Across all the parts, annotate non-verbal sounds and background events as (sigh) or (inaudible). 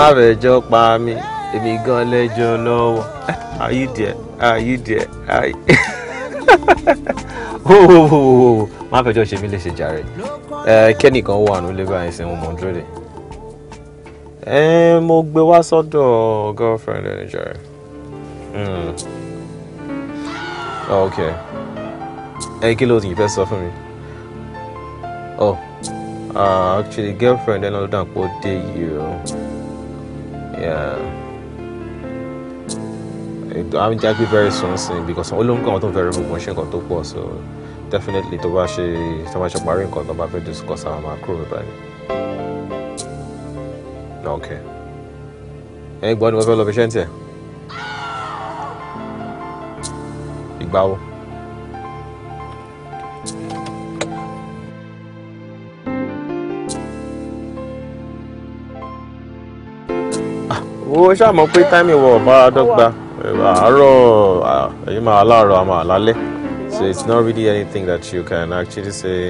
má rẹjọ́ pa mi èmi gan lẹ́jọ́ lọ́wọ́ ayé díẹ̀ ayé díẹ̀ ayé má fẹjọ́ ṣe mí léṣe jàre kẹ́nìkan wà nílé báyìí sẹ́wọ̀n mọ̀ dúró de mo gbé wá sọ́dọ̀ girlfriend ẹni jàre. Hmm. Oh, ok ẹ kí ló ti fẹ́ sọ fún mi oh ah, actually girlfriend ẹni ọdún àpò dé yìí o yeah i'm jagbe very soon sin because all of them kọ́ àwọn tó ń fẹ́ rẹ́bù kan so definitely tó bá ṣe tó bá ṣe parí nǹkan tó bá fẹ́ discuss àwọn máa kúrò báyìí. ok ẹ gbọ́ ni wọ́n Big bow. wo ṣáà pé táìmì wọ̀ bára dọ́gba àárọ̀ èyí máa láàárọ̀ àmọ́ àlálẹ́ so it's not really anything that you can actually say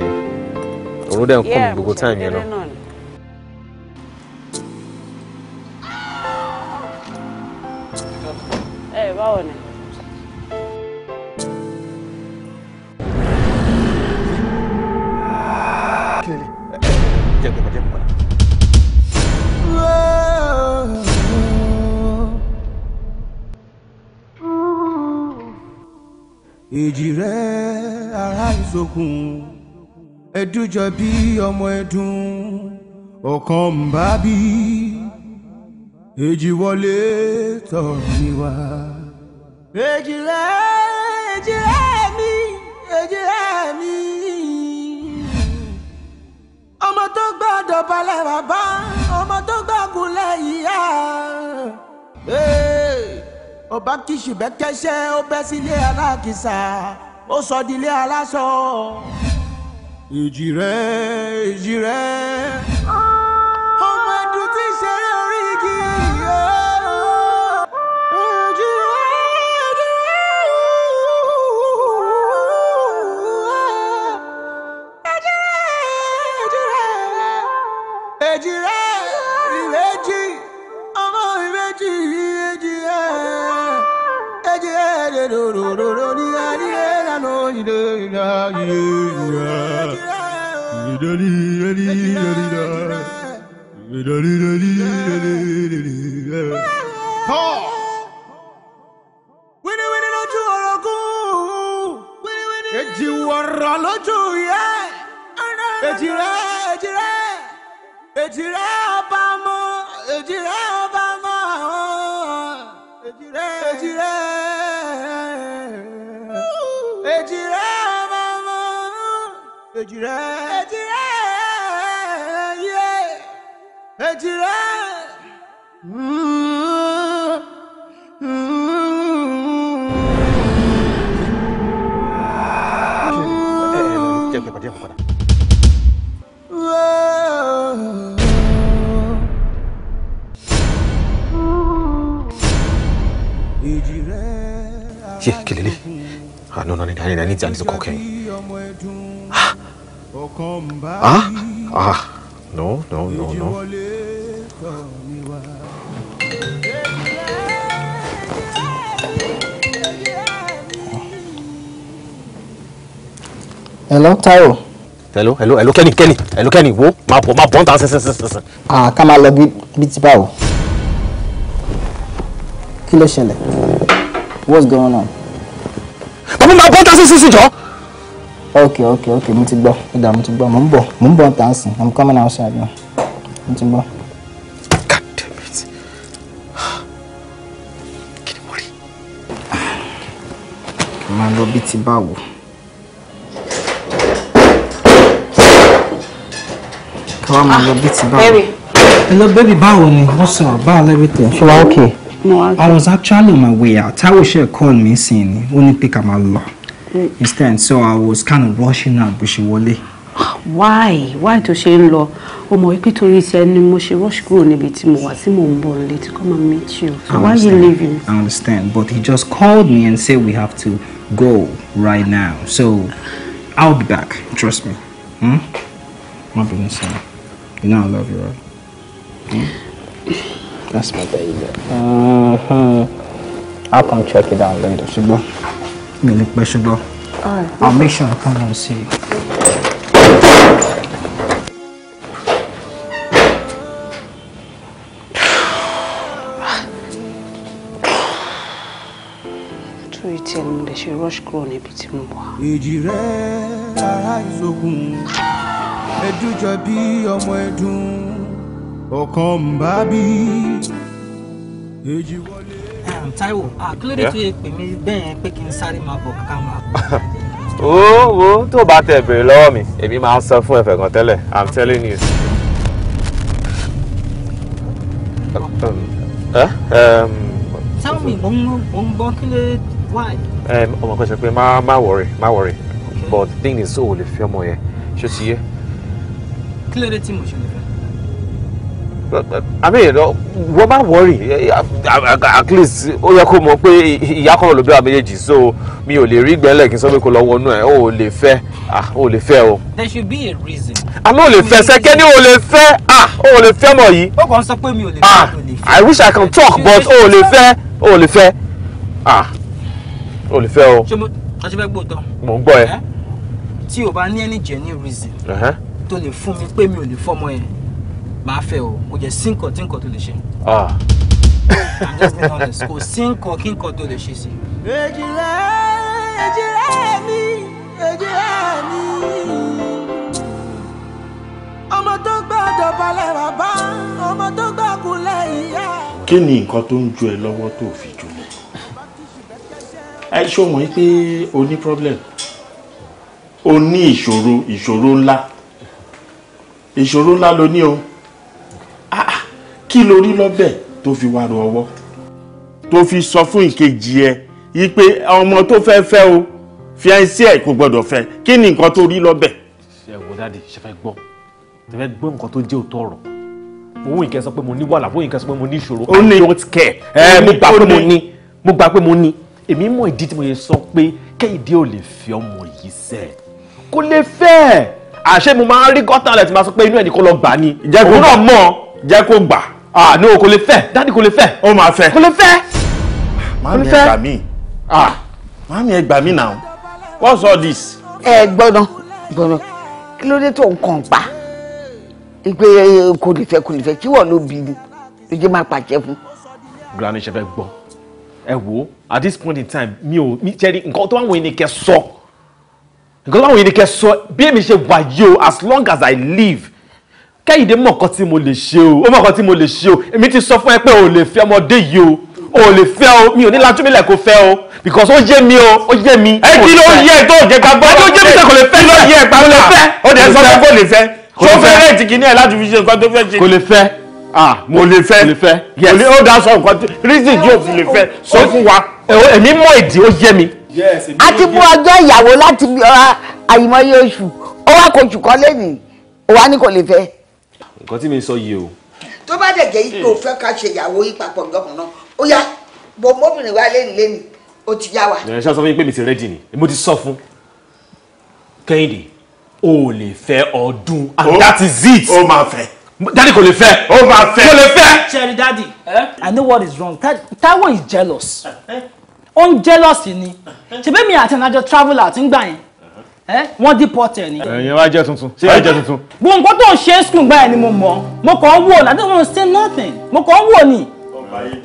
òun ń kún mi gbogbo time yẹn náà. sókun ẹdújọ bí ọmọ ẹdùn ọ̀kan ń bá bí èjì wọlé tọ̀rọ̀ mi wá. èjìlá èjìlá mi èjìlá mi ọmọ tó gbọ́dọ̀ balẹ̀ bàbá ọmọ tó gbọ́gunlẹ̀ ìyá ọba kìsì ó bẹ́ sílé alákìsà ó sọ di ilé aláṣọ. èjì rẹ̀ èjì rẹ̀. ẹja ní no, no, no, no. hello hello hello Kenny, Kenny, hello Kenny. wo Ma, bọ̀ máa bọ̀ ń ta sísinsinsin. ah ká máa lọ bí ti báwo kí ló ṣẹlẹ̀ what's going on fún ma bọ́tà sí sísì jọ. ok ok ok mo ti gbọ́ ó dà mo ti gbọ́ mo ń bọ̀ mo ń bọ̀ tà ń sìn i'm coming outside now mo ti gbọ́. god damn it kí ni mo rí. kì í máa lọ bí ti báwo. káwa máa lọ bí ti báwo. hello baby báwo ni wọ́n sọ̀rọ̀ báwo lẹ́bi tẹ̀. ṣé wàá okay. No, I, was actually on my way out. Táwọn ṣe call mi sí Only pick ní pé ká máa Instead, so I was kind of rushing out bó ṣe wọlé. Why? Why tó ṣe ń lọ? Oh, mọ̀ wípé torí iṣẹ́ ni mo ṣe rush kúrò níbi tí mo wà tí mò ń bọ̀ to come and meet you. So I why understand. you leaving? I understand, but he just called me and said we have to go right now. So I'll be back, trust me. Hmm? My business, you know I love you, right? Hmm? That's my baby. Uh-huh. I'll come check it out later. Ṣùgbọ́n mi ní pẹ́ ṣùgbọ́n. I'll make sure I come and see you. Nítorí tí ẹni mo rush kúrò níbi tí mo wà. Èjì rẹ̀ ara ìṣògùn, ẹdújọ bí ọmọ ẹdùn ọkàn ń bá bí èjì wọlé. Táíwò àkílódé tó yẹ pè mí bẹ́ẹ̀ pé kí n sáré máa bọ̀ ká máa bọ̀. (laughs) wo wo tó o bá tẹ bèrè lọ́wọ́ mi èmi máa ń sọ fún ẹ̀fẹ̀ kan tẹ́lẹ̀ I'm telling you. tell me mo ń gbọ́ kí lè why. ọmọ kan sọ pé má má worry má worry but the thing is o ò lè fi ọmọ yẹn ṣó ti yé. kí ló dé tí mo ṣe. I mean, wọ́n má worry at least ó yẹ kó mọ̀ pé ìyá kan ló bí wa méjèèjì so mi ò lè rí gbẹ́lẹ̀ kí n sọ pé kó lọ wọnú ẹ̀ ó lè fẹ́ ó lè fẹ́ o. there should be a reason. àmọ́ ò lè fẹ́ sẹ́kẹ́ ní ò lè fẹ́ ò lè fẹ́ mọ̀ yìí. ó kàn sọ pé mi ò lè fẹ́ ò lè fẹ́. I wish I can talk but ò lè fẹ́ ò lè fẹ́ ò lè fẹ́ o. ṣé mo ṣe fẹ́ gbọ́ tán. mò ń gbọ́ ẹ. tí o bá ní any genuine reason tó lè fún mi pé mi ò lè fọmọ yẹn máa fẹ́ o mo jẹ́ sí nǹkan tí nǹkan tó lè ṣe. Ah. kò sí kí nǹkan tó lè ṣe sí. èjìlá èjìlá mi èjìlá mi ọmọ tó gbọ́dọ̀ balẹ̀ bàbá ọmọ tó gbọ́kulẹ̀ ìyá. kí ni nǹkan tó ń ju ẹ lọ́wọ́ tó fi jù mí. ẹ ṣó mọ̀ pé o ní problem o ní ìṣòro ìṣòro ńlá ìṣòro ńlá ló ní o kí lo rí lọ́bẹ̀ tó fi wá ro ọwọ́ tó fi sọ fún ìkejì ẹ yí pé ọmọ tó fẹ́ fẹ́ o fiancé ẹ̀ kò gbọ́dọ̀ fẹ́ kí ni nǹkan tó rí lọ́bẹ̀. ṣe wo dáàdi ṣe fẹ́ gbọ́ ṣe fẹ́ gbọ́ nǹkan tó jẹ́ òótọ́ ọ̀rọ̀ owó ìkẹ́ sọ pé mo ní wàhálà owó ìkẹ́ sọ pé mo ní ìṣòro I don't care ẹ mo gbà pé mo ní mo gbà pé mo ní èmi mọ ìdí tí mo yẹ sọ pé kẹ́hìndé ò lè fi ọmọ yìí sẹ́ kó lè fẹ́ ẹ̀ àṣé mo máa ń rí gọ́tà lẹ́tì máa sọ pé inú ẹ̀ ní kó lọ gbà ni òun náà mọ̀ jẹ́ kó gbà ah no kò lè fẹ́ dádì kò lè fẹ́. ó máa fẹ́ kò lè fẹ́. màámi ẹ gbà mí ah màámi ẹ gbà mí now what's all this. ẹ gbọ́dọ̀ gbọ́dọ̀ kí ló dé tó ń kàn pa ìpè kò lè fẹ́ kò lè fẹ́ kí wọ́n ló bí ni ló jẹ́ máa pàṣẹ fún. granny ṣe fẹ́ gbọ́ ẹ wo at this point in time mi ò mi jẹ́rìí nǹkan tó wà wọ̀nyí ni kẹ́ sọ nǹkan tó wà wọ̀nyí ni kẹ́ sọ bí èmi ṣe wà yìí o as long as i live kẹ́hìndé mọ̀ tí mo lè ṣe o ó tí mo lè ṣe o èmi ti sọ fún ẹ pé o lè fẹ́ ọmọdé yìí o o lè fẹ́ o mi ò ní lajú mi lẹ̀ fẹ́ o because ó yé mi o ó yé mi. ẹ kí ló yẹ tó jẹ gbàgbọ́ ẹ tó jẹ mi sẹ kò lè fẹ́ ló yẹ gbàgbọ́ lè fẹ́ ó dẹ̀ sọ fún kò lè fẹ́ tó fẹ́ rẹ̀ ti kìíní ẹ̀ láti fi ṣe nǹkan tó fẹ́ ṣe. kò lè fẹ́ ah mo lè fẹ́ lè fẹ́ sọ nǹkan tó reason yóò fi lè fẹ́ sọ fún wa. èmi mọ ìdí ó yé mi. a ti mú ọjọ́ ìyàwó láti àyìnbó yóò ṣù ó wà kó jù kọ́ lẹ́yìn òwa ni kò lè fẹ́ nǹkan tí mi sọ yìí o. tó bá dẹ̀ jẹ́ ipò fẹ́ ká ṣe ìyàwó yìí papọ̀ ǹjọ́kùn náà ó yá bọ̀ mọ́bìnrin wa lẹ́nu lẹ́nu ó ti yá wa. ìrìn ṣáà sọ fún mi pé mi ti rẹ́dì ni mo ti sọ fún Kẹ́hìndé o lè fẹ́ ọdún and that is it. ó máa fẹ́ daddy kò lè fẹ́. ó máa fẹ́. kò lè fẹ́. cherry daddy i know what is wrong Taiwo is jealous ó ń jealous ni ṣebí mi àti ẹnìyàjọ travel out ń gbà yẹn Eh? wọ́n dí pọ́tẹ̀ ni. ẹ̀yin wá jẹ́ tuntun ṣé ẹ jẹ́ tuntun. gbogbo nǹkan tó ń ṣe é skul báyìí ni mo mọ̀ mo kàn ń wò ní I don't want to say nothing mo kàn ń wò ní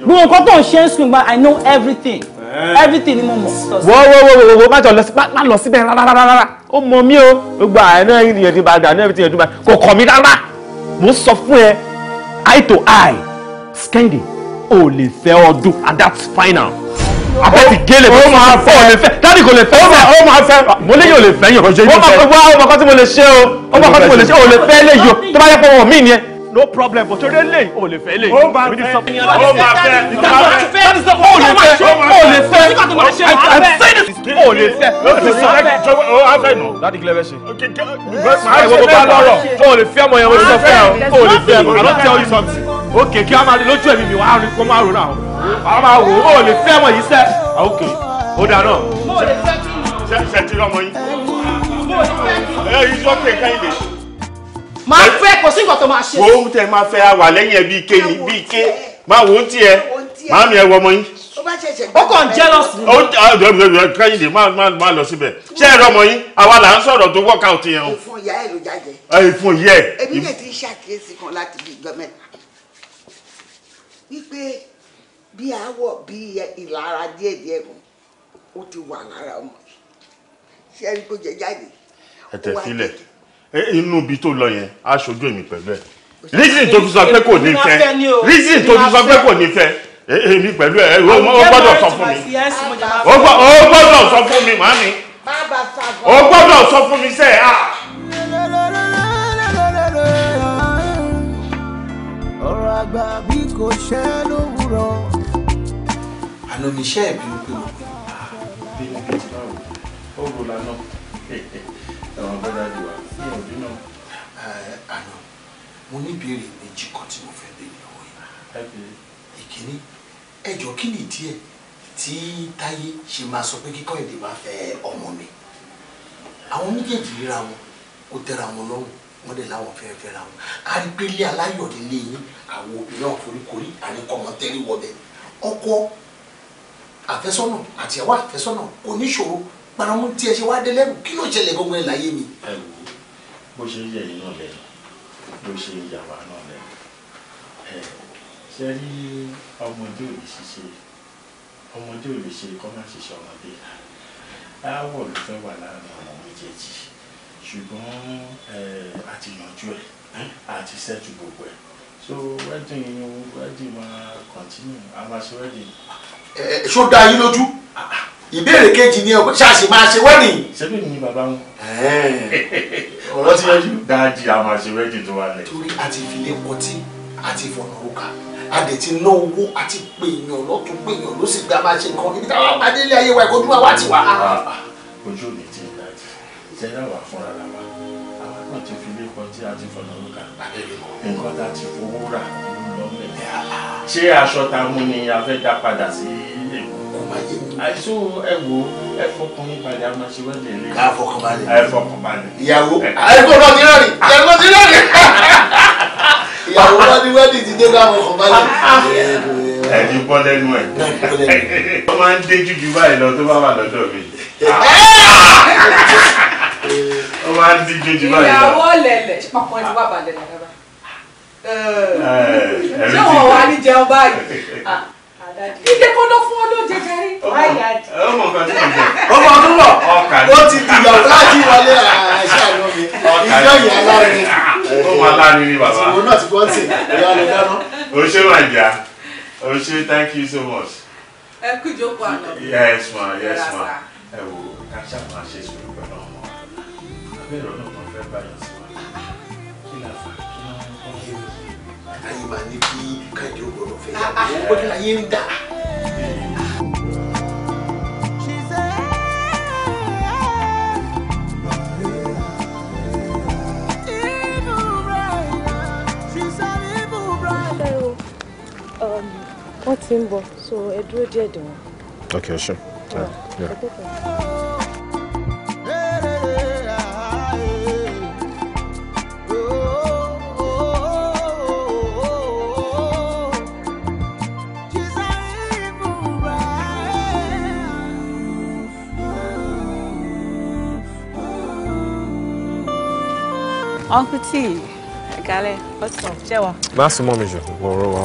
gbogbo nǹkan tó ń ṣe é skul báyìí I know everything eh? everything ni mo mọ̀. wọ́n wọ́n wọ́n wọ́n wọ́n má jọ lọ sí má lọ síbẹ̀ rárá rárá ó mọ mí o gbogbo àná ìyẹn ti bàdà àná everything yẹn ti bàdà kò kọ̀ mí rárá mo sọ fún ẹ eye to eye Skendi ò lè fẹ́ ọdún and that's final abẹ́tì gélé bó máa fẹ́ ọ lè fẹ́ dáàdì kò lè fẹ́ ọ ọ máa fẹ́ mo léyìn ò lè fẹ́ yín ọ̀bẹ ṣe é fẹ́. ó mọ̀ kọ́ tí mo lè ṣe o ó mọ̀ kọ́ tí mo lè ṣe o lè fẹ́ léyìí o tó bá yẹ pé wọn mí ni ẹ. no problem but torí lè o lè fẹ́ lè. ó máa fẹ́ ó máa fẹ́ ó lè fẹ́ ó lè fẹ́ ó lè fẹ́ ó fẹ́ nù. dáàdì kìlẹ̀ bẹ́ ṣe. máa yẹ wọ́n bá lọ́rọ̀ o lè fẹ́ ọmọ yẹn o lè fẹ́ o lè fẹ́ I don tell you something òkè kí wọ́n máa rí lójú ẹ̀mí mi wá rí kó máa rò náà àwọn máa wò ó lè fẹ́ ọmọ yìí sẹ́ òkè ah, ó dà náà. ṣe ti rọmọ yín. ẹ yí sókè kẹ́hìndé. máa fẹ́ kò sí nǹkan tó máa ṣe. wo ohun tẹ máa fẹ́ wà lẹ́yìn ẹ bíi ké ni bíi ké máa wò ó tiẹ̀ máa mi ẹ wọ ọmọ yín. ó kàn jealous ni. ó ah, jọ jọ jọ kẹ́hìndé máa lọ síbẹ̀ ṣé ẹ rọmọ yín àwa là ń sọ̀rọ̀ tó workout yẹn o. ìfun ìyá ẹ̀ ló jáde. ìfun ìyá ẹ̀. èmi lè ti ṣàkíyèsí kan láti bí gọ́ọ̀mẹ̀ntì wípé bí àwọ̀ bí ìlara díẹ̀díẹ̀ mu ó ti wà lára ọmọ yìí ṣé ẹni tó jẹ jáde. ẹ̀tẹ̀ sílẹ̀ inú ibi tó lọ yẹn á ṣojú èmi pẹ̀lú ẹ̀ reason tó tún sọ pé kò ní fẹ́ reason tó tún sọ pé kò ní fẹ́ èmi pẹ̀lú ẹ̀ ó gbọ́dọ̀ sọ fún mi ó gbọ́dọ̀ sọ fún mi màámi ó gbọ́dọ̀ sọ fún mi sẹ́ẹ̀ á. Ah. ọ̀rọ̀ kò ṣẹ́ lówùrọ̀. àná mi iṣẹ́ ìbínú pé mo bí mi bí báwo ó rò lánà ẹ̀wọ̀n bọ́dà jù wá ní ọdún náà. àná mo ní ìbéèrè méjì kan tí mo fẹ́ béèrè lọ́wọ́ yìí. ìkíní ẹ jọ kí ni díẹ̀ tí táyé ṣe máa sọ pé kíkọ́ èdè máa fẹ́ ọmọ mi àwọn méjèèjì ríra wọn kò tẹ́ra wọn lọ́rùn wọ́n dẹ̀ láwọn fẹ́ẹ́ fẹ́ ra wọn kárí pé ilé aláyọ̀ nílé yín àwọn obìnrin náà foríkorí àníkọ́mọ tẹ́lẹ̀ wọbẹ̀ ọkọ àfẹ́sọ́nà àtìyàwó àfẹ́sọ́nà kò ní ṣòro paramu tí ẹ ṣe wá dé lẹ́rù kí ló ṣẹlẹ̀ gbogbo ẹ láyé mi. ẹ wò bó ṣe yẹ yín náà lẹ́nu bó ṣe yà wá náà lẹ́nu ẹ ṣe rí ọmọdé ò lè ṣiṣẹ́ ọmọdé ò lè ṣe kọ́ máa ṣiṣẹ́ ọmọdé láwọ̀ ló fẹ́ wà láàrin àwọn méjèèjì ṣùgbọ́n a ti yanjú ẹ̀ a ti ṣẹ́tù gbogbo ẹ̀ so wedding wedding máa continue a máa ṣe wedding. ẹ ṣó dá yín lójú ìbéèrè kejì ni ọgbọ́n ṣáàṣì máa ṣe wedding. ṣebí ni bàbá wọn. ọ̀rọ̀ ti yanjú. dáàjì a máa ṣe wedding tó wà lẹ̀. torí a ti fi lé ọtí a ti fọ̀nà òkà a dẹ̀ ti ná owó a ti pè èèyàn lọ́tún pè èèyàn ló sì gbà máa ṣe nǹkan níbi táwọn apàdé ilé ayé wa ìkọ́jú wa wá ti wà. ojú ò ní ìṣẹ̀dá wà fúnra la wa àwa náà ti fi ilé kọjí àti fọ̀nà lóka nǹkan tá a ti fowó rà lọ́mẹ̀ ṣé aṣọ ta mú ni a fẹ́ dá padà sí ilé àìsó ẹ wo ẹ fọkàn yín balẹ̀ a máa ṣe wẹ́lẹ̀ rẹ. ká fọkàn balẹ̀. ẹ fọkàn balẹ̀. ìyàwó àìkú náà ti rẹ̀ ni ìyàwó ti rẹ̀ ni. ìyàwó wọn ni wẹ́ẹ̀dì ti dé ká fọkàn balẹ̀ ẹni bọ́ lẹ́nu ẹ̀ ọ máa ń déjú ju báyìí lọ tó bá wà lọ́dọ̀ mi wá ń díjú jù báyìí lọ. ìyàwó lẹ̀lẹ̀ ṣé pàpọ̀ ni wà balẹ̀ lára eh, ṣé wọn wà ní jẹun báyìí ìdè kan ló fún ọ ló jẹjẹrẹ àyàdì. ọmọ kan tó ń bọ ọmọ tó ń bọ ọkà ni. ó ti dìgbà láti wọlé àṣà àná mi ìjọ yìí alárinrin. ó máa láàrin ní bàbá. òun náà ti gbọ́ ń sè ìyá lọ dáná. o ṣé wà jà o ṣé thank you so much. ẹ kú ìjókòó àná. yes ma yes ma ẹ wò ká ṣàmùlà ṣe sùúrù pẹ̀lú bẹ́ẹ̀rọ náà kàn fẹ́ báyìí sí wa kí la fà kí ah, ah. la kọ́ kí o. káyìn máa ní kí káyìn ó gbọdọ̀ fẹ́ yà wọ́n gbọ́dọ̀ ayé so ẹ dúró díẹ̀ dè okay sure. Oh, yeah. Yeah. Yeah. Uncle T, Gale, what's up? Ṣé wà? Má sùn mọ́ mi jù,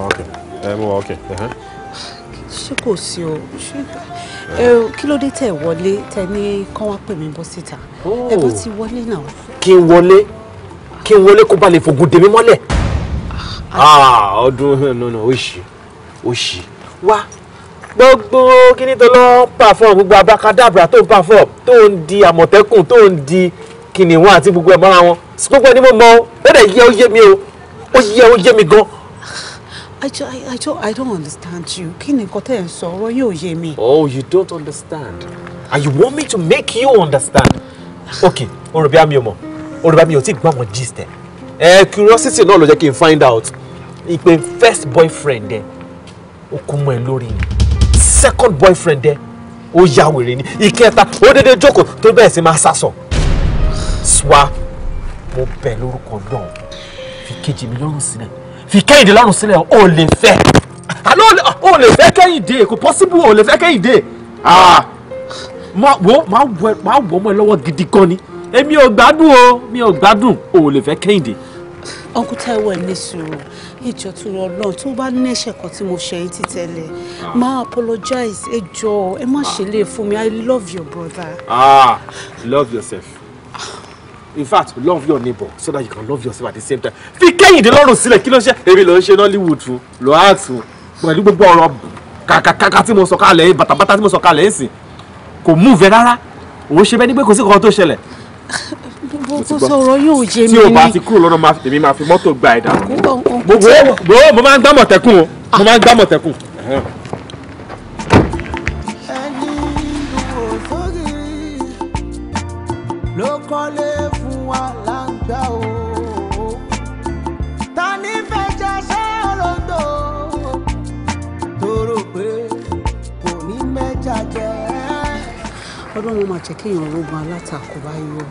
okay. Ẹ mo okay. Uh-huh. sí o? Kí ló dé tẹ̀ wọlé tẹ ní kán wá pè mí bọ́ síta? Ẹ bá ti wọlé náà. Kí wole wọlé, kí n wọlé kó ba lè fògùn dèmí mọ́lẹ̀. Ah, ah. Ah, ọdún nínú oṣì oṣì wá gbogbo kíní tó lọ pàfọ́ọ̀mù gbogbo abakadabra tó ń pàfọ́ọ̀mù tó di àmọ̀tẹ́kùn tó ń di kìnìún àti gbogbo ẹ̀ mọ́ra wọn gbogbo ẹni mo mọ ó dẹ̀ yẹ ó yé mi o ó yẹ ó yé mi gan. I, I, I, don't, understand you. Kí ni nǹkan tẹ́ ẹ̀ ń sọ ọ̀rọ̀ yóò yé mi? Oh, you don't understand. And you want me to make you understand? Okay, orúbí àmì ọmọ, orúbí àmì ò tí gbọ́ gist ẹ̀. Ẹ curiosity náà ló jẹ́ kí n find out. Ìpè first boyfriend ẹ̀ ó kú mọ́ ẹ lórí ni. Second boyfriend ẹ̀ ó ya wèrè ni. Ìkẹta ó dédé jókòó tó bẹ̀rẹ̀ sí máa sásọ. Swa mo bẹ̀ lórúkọ náà fi kejì mi lọ́rùn sílẹ̀ fi kẹ́hìndé lọ́rùn sílẹ̀ o lè fẹ́ àlọ́ o lè fẹ́ kẹ́hìndé kò pọ́síbù o lè fẹ́ kẹ́hìndé máa wọ máa wọ ọmọ ẹ lọ́wọ́ gidi gan ni èmi ò gbádùn o mi ò gbádùn o lè fẹ́ kẹ́hìndé. uncle taiwo ní sùúrù ìjọ tó rọ lọ́n tó bá ní ẹ̀ṣẹ̀ kan tí mo ṣe yín ti tẹ́lẹ̀ máa apologize ẹ jọ̀ọ́ ẹ má ṣe lè fún mi i love your brother. ah love yourself in fact love your neighbor so that you can love yourself at the same time fi kẹ́yìndé lọ́rùn sílẹ̀ kí ló ṣe èrè lọ́ọ́ ṣe nollywood lọ́ọ́ àtún pẹ̀lú gbogbo ọ̀rọ̀ kàkàkàkà tí mo sọ kalẹ̀ yìí bàtàbàtà tí mo sọ kalẹ̀ yìí sì kò múùvẹ́ rárá òun ṣe bẹ́ẹ̀ ni pé kò sí nǹkan tó ṣẹlẹ̀. gbogbo sọ̀rọ̀ yóò jẹ mi ni. tí o bá ti kúrò lọ́dọ̀ èmi máa fi mọ́tò gba ẹ̀dá. gbogbo mo máa ń gbá mọ̀tẹ́kùn o mo máa ń gbá mọ̀tẹ́kùn. ló kọ́lé ọdún wọn máa jẹ́ kéèyàn rogun alátakò bá yọ.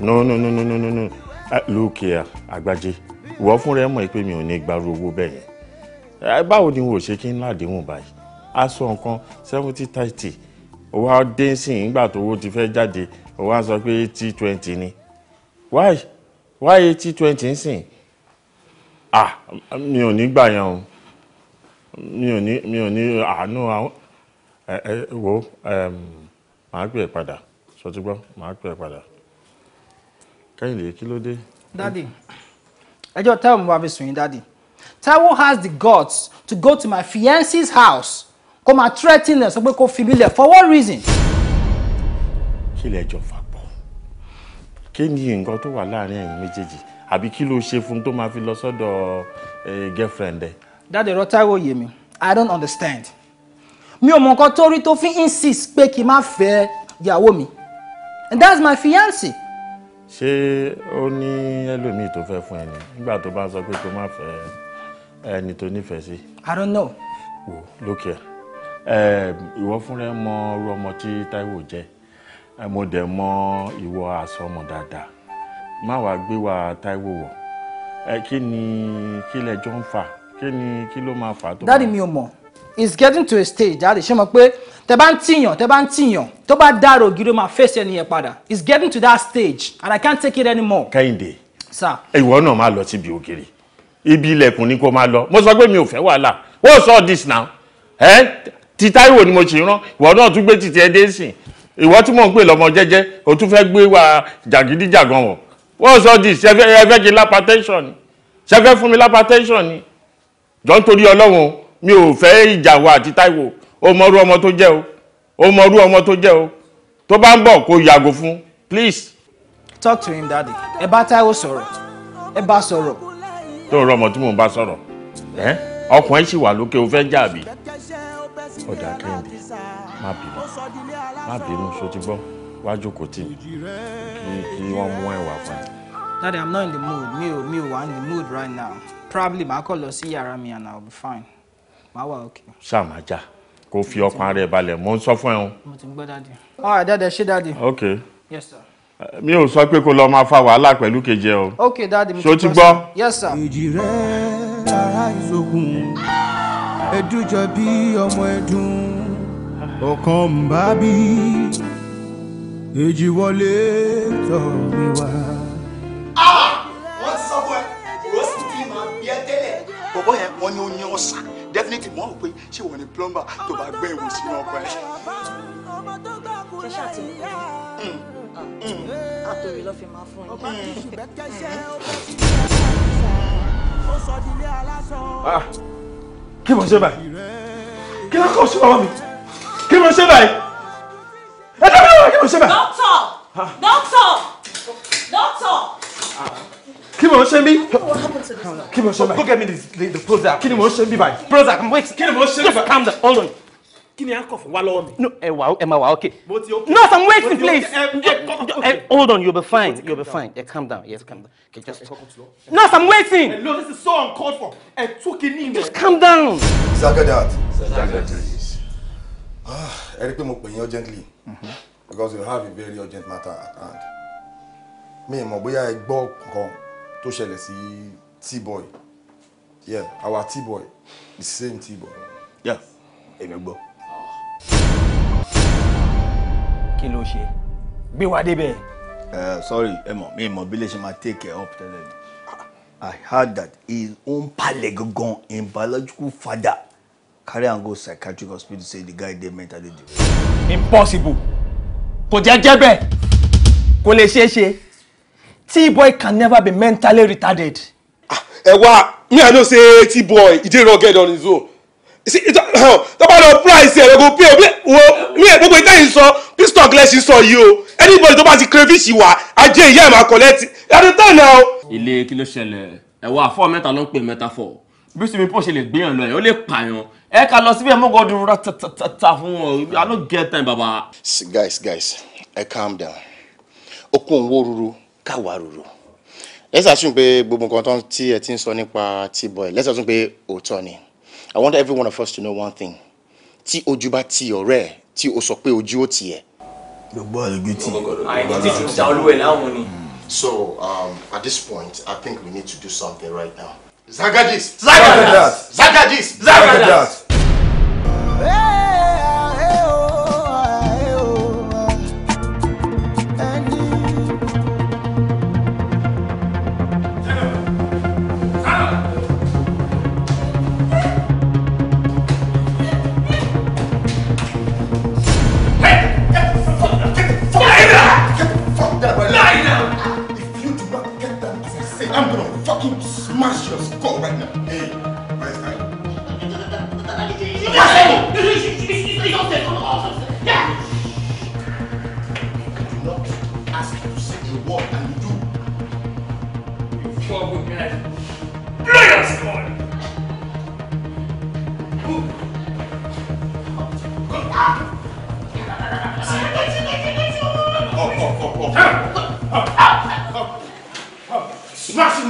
No, no, no, no, no, no, no. Uh, look here, Agbaje. Ìwọ fúnra ẹ mọ̀ pé mi ò ní gbaru owó bẹ́ẹ̀ yẹn. Eh, báwo ni n ò ṣe kí n ládéhùn báyìí? aṣọ nǹkan seventy thirty ó wá dé sí ìgbà tó owó ti fẹ́ jáde ó wá sọ pé eighty twenty ni why why eighty twenty ń sìn ah mi ò ní gbà yẹn o mi ò ní mi ò ní àánú àwọn ẹ ẹ wo màá pè é padà sọtúgbọ́ màá pè é padà kẹ́hìndé kí ló dé. dadi ẹjọ́ táwọn bá fi sùn yín dadi Taiwo has the guts to go to my fiance's house kó máa threatening lẹ̀ sọ pé kó fi mí lẹ̀ for what reason. kí lẹ jọ fà pọ̀ kí ni nǹkan tó wà láàrin ẹ̀yin méjèèjì àbí kí ló ṣe fún tó máa fi lọ sọ́dọ̀ girlfriend ẹ. dáàdì rọtáwó yé mi i don't understand mi ò mọ nǹkan tó rí tó fi insist pé kí n má fẹ́ ìyàwó mi and that's my fiance. ṣé ó ní ẹlòmíì tó fẹ́ fún ẹ ní nígbà tó bá sọ pé kó má fẹ́ ẹni tó nífẹ̀ẹ́ sí. i don't know. wò lókè ẹ ìwọ fúnra ẹ mọ irú ọmọ tí Táíwò jẹ́ mo dẹ̀ mọ ìwọ àsọmọ dáadáa má wàá gbé wa Táíwò wọ̀ kí ni kí lẹjọ́ ń fà kí ni kí ló máa fà tó. dáàdi mi ò mọ̀ it's getting to a stage dáàdi ṣé mo pé tẹ bá ń tìyàn tẹ bá ń tìyàn tó bá dárò gírí máa fèsì ẹni padà it's getting to that stage and I can't take it anymore. Kẹ́hìndé ìwọ náà máa lọ síbi ògiri ibi ilẹ̀kùn ni kò máa lọ mo sọ pé mi ò fẹ́ wàhálà what's all this now? ti Táíwò ni mo sì rán ìwọ náà tún gbé títí ẹ sìn ìwọ tí mò ń pè lọ́mọ jẹ́jẹ́ o tún fẹ́ gbé wa jàgídíjàgan wọ̀ wọ́n sọ di ṣẹfẹ́ ẹfẹ́ kí lápá tẹ́sán ni ṣẹfẹ́ fún mi lápá tẹ́sán ni jọ nítorí ọlọ́run mi ò fẹ́ ìjà àti Táíwò o mọ irú ọmọ tó jẹ́ o o mọ irú ọmọ tó jẹ́ o tó bá ń bọ̀ kó yàgò fún please. talk to him daddy ẹ bá Táíwò sọ̀rọ̀ ẹ bá sọ̀rọ̀. tó o rọ ọmọ tí mò ń bá sọ̀rọ̀ ọkùnrin sì wà lókè o fẹ́ jà ọ̀dà kẹ́hìndé má bínú má bínú ṣó ti gbọ́ wá jókòó tì kí wọ́n mú ẹ̀wà fún Daddy, I'm not in the mood. Mi ò mi ò wà in the mood right now. Probably màá kọ́ lọ sí yàrá mi and I'll be fine. Màá wà okay. Ṣáà máa jà kó fi ọkàn rẹ̀ balẹ̀ mo ń sọ fún ẹ o. Mo ti gbọ́ dáàdì. Alright dáàdì ṣé dáàdì. Okay. Yes sir. Mi ò sọ pé kó lọ máa fa wàhálà pẹ̀lú kejì ẹ o. Ok dáàdì mo ti gbọ́. Ṣó ti gbọ́? Yes sir. Ìjì rẹ̀ ara ìṣògùn edújọ bí ọmọ ẹdùn ọ̀kan ń bá bí èjì wọlé tọ̀ mí wá. Ah! wọ́n sọ fún ẹ kò sì kí máa bí ẹ tẹ́lẹ̀. bọ̀bọ̀ yẹn wọ́n ní ó ní ọ̀sà definitely wọ́n rò pé ṣé wọ́n ní plumber tó bá gbẹ́ ìwò sínú ọkọ ẹ̀. ṣé ṣàtìlẹ́yìn àtòrí mm, mm, mm. ló fi máa fún yín. ó sọ di ilé aláṣọ. Ah! kí mo ṣe báyìí kí ló kọ́ sí bàbá mi kí mo ṣe báyìí ẹ dábẹ́ wà kí mo ṣe báyìí. dókítà dókítà dókítà. kí mo ṣe bí kí mo ṣe báyìí. go get me the the, the Prozac. kí ni mo ṣe bí báyìí. Prozac wait kí ni mo ṣe bí báyìí. just calm down hold on kí ni handcuff wá lọ́wọ́ mi. no ẹ wà ẹ ma wà okay. mo ti okay. no some waiting please. hold on you'll be fine you'll be fine yeah, calm down yes calm down. Okay, just... no I'm waiting. hello this is so uncalled for ẹ tún kìíní mi. just calm down. Sagadat Sagadat ah, ẹ rí i pé mo pè yín urgently mm-hmm. because you have a very urgent matter at hand mi ì mọ̀ bóyá ẹ gbọ́ kan tó ṣẹlẹ̀ sí T-boy yeah our T-boy the same T-boy. Yes, èmi gbọ́. kí ló ṣe gbé wa débẹ̀. sorry ẹ mọ̀ mi mọ̀ bí lè ṣe máa take it up tẹ́lẹ̀ I heard that his own pale gangan him biological father carry am go psychiatric hospital say the guy dey mentally ill. impossible kò jẹ́ jẹ́ kò lè ṣeé ṣe T-boy can never be mentally retarded. Ah, ẹ wá me i know say T-boy e dey rugged on his own (coughs) tọ́ba lọ price ẹ̀ lọ́gọ́ pay me gbogbo ìtẹ́yìn sọ pistol glass sọ yìí o anybody tó bá ti crayfish wà ajé ìyá ẹ̀ máa collect ẹni tán náà. ilé kí ló ṣẹlẹ̀ ẹ̀wọ̀ àfọ̀ mẹ́ta ló ń pè mẹ́ta fọ̀ bí sinmi pọ̀ ṣe lè gbéyàn lọ ẹ̀ ó lè pààyàn ẹ ká lọ síbẹ̀ mọ́gọ́dún rà tàtàtà fún wọn i no get time baba. guys guys ẹ calm down okun wo ruru káwa ruru let's assume pé gbogbo nǹkan tán tí ẹ ti ń sọ nípa T-Boy let's assume pé òótọ́ ni i want every one of us to know one thing tí ojú bá ti ọ̀rẹ́ ẹ̀ tí o sọ pé ojú ó tiẹ̀ gbogbo àlejò ah, tí. àìní ti ju ta olúwẹ̀ láwọn ni. so um, at this point i think we need to do something right now. zagadis zagadis zagadis zagadis. zagadis. zagadis. zagadis. zagadis.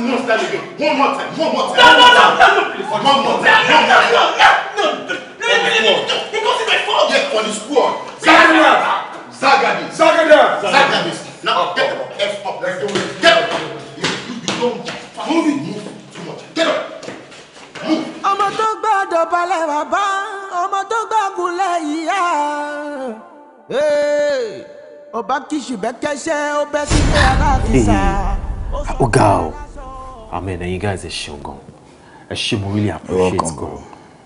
once time again. One more time. One more time. No, no, no, no, no, please. One more time. No, no, no, no, no. No, no, no, no. Because it's my fault. Get on the squad. Zagada. Zagadi. Zagada. Zagadi. Now get up. F up. Let's do it. Get up. You, don't move it. Move too much. Get up. Move. Ọmọ tó gbọ́dọ̀ balẹ̀ bàbá, ọmọ tó gbọ́gùn lẹ́yìn yá. Ọba kìsì bẹ́kẹ́ṣẹ́ ó bẹ́ sílé aláàfin sá. Ó ga o amen and you guys are ṣeun gan ẹ ṣé really appreciate it,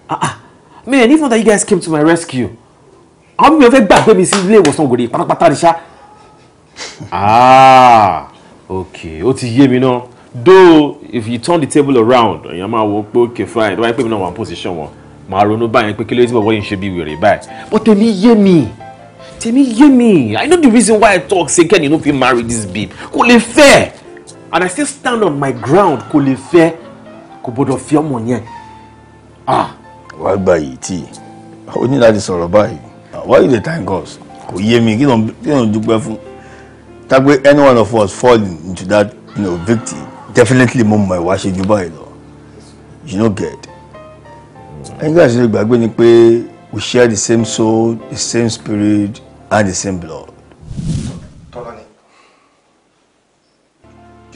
ah ah man even that you guys came to my rescue àwọn mi ò fẹ́ gbàgbé mi sí ilé ìwòsàn ògòdè pátápátá ah okay What ti yé mi náà though if you turn the table around èèyàn máa wo pé okay fine Why bá yẹ pé mi náà position wọn màá ronú báyẹn pé kí ló yẹ tí bọ̀ wọ́n yìí ń ṣe bí wèrè báyìí but tèmi yé mi tèmi i know the reason why i talk say you no fit married. this babe kò lè fair? and I still stand on my ground kò lè fẹ́ kò gbọdọ̀ fi ọmọ yẹn. Ah. wá gba yìí tí o ní láti sọ̀rọ̀ báyìí ah, why you dey thank us kò yé mi kí ló ń dúpẹ́ fún tagbe any one of us fall into that you know, victim definitely mo mọ̀ ìwà ṣe ju báyìí lọ you no get ẹni gbà ṣe lè gbàgbé ni pé we share the same soul the same spirit and the same blood.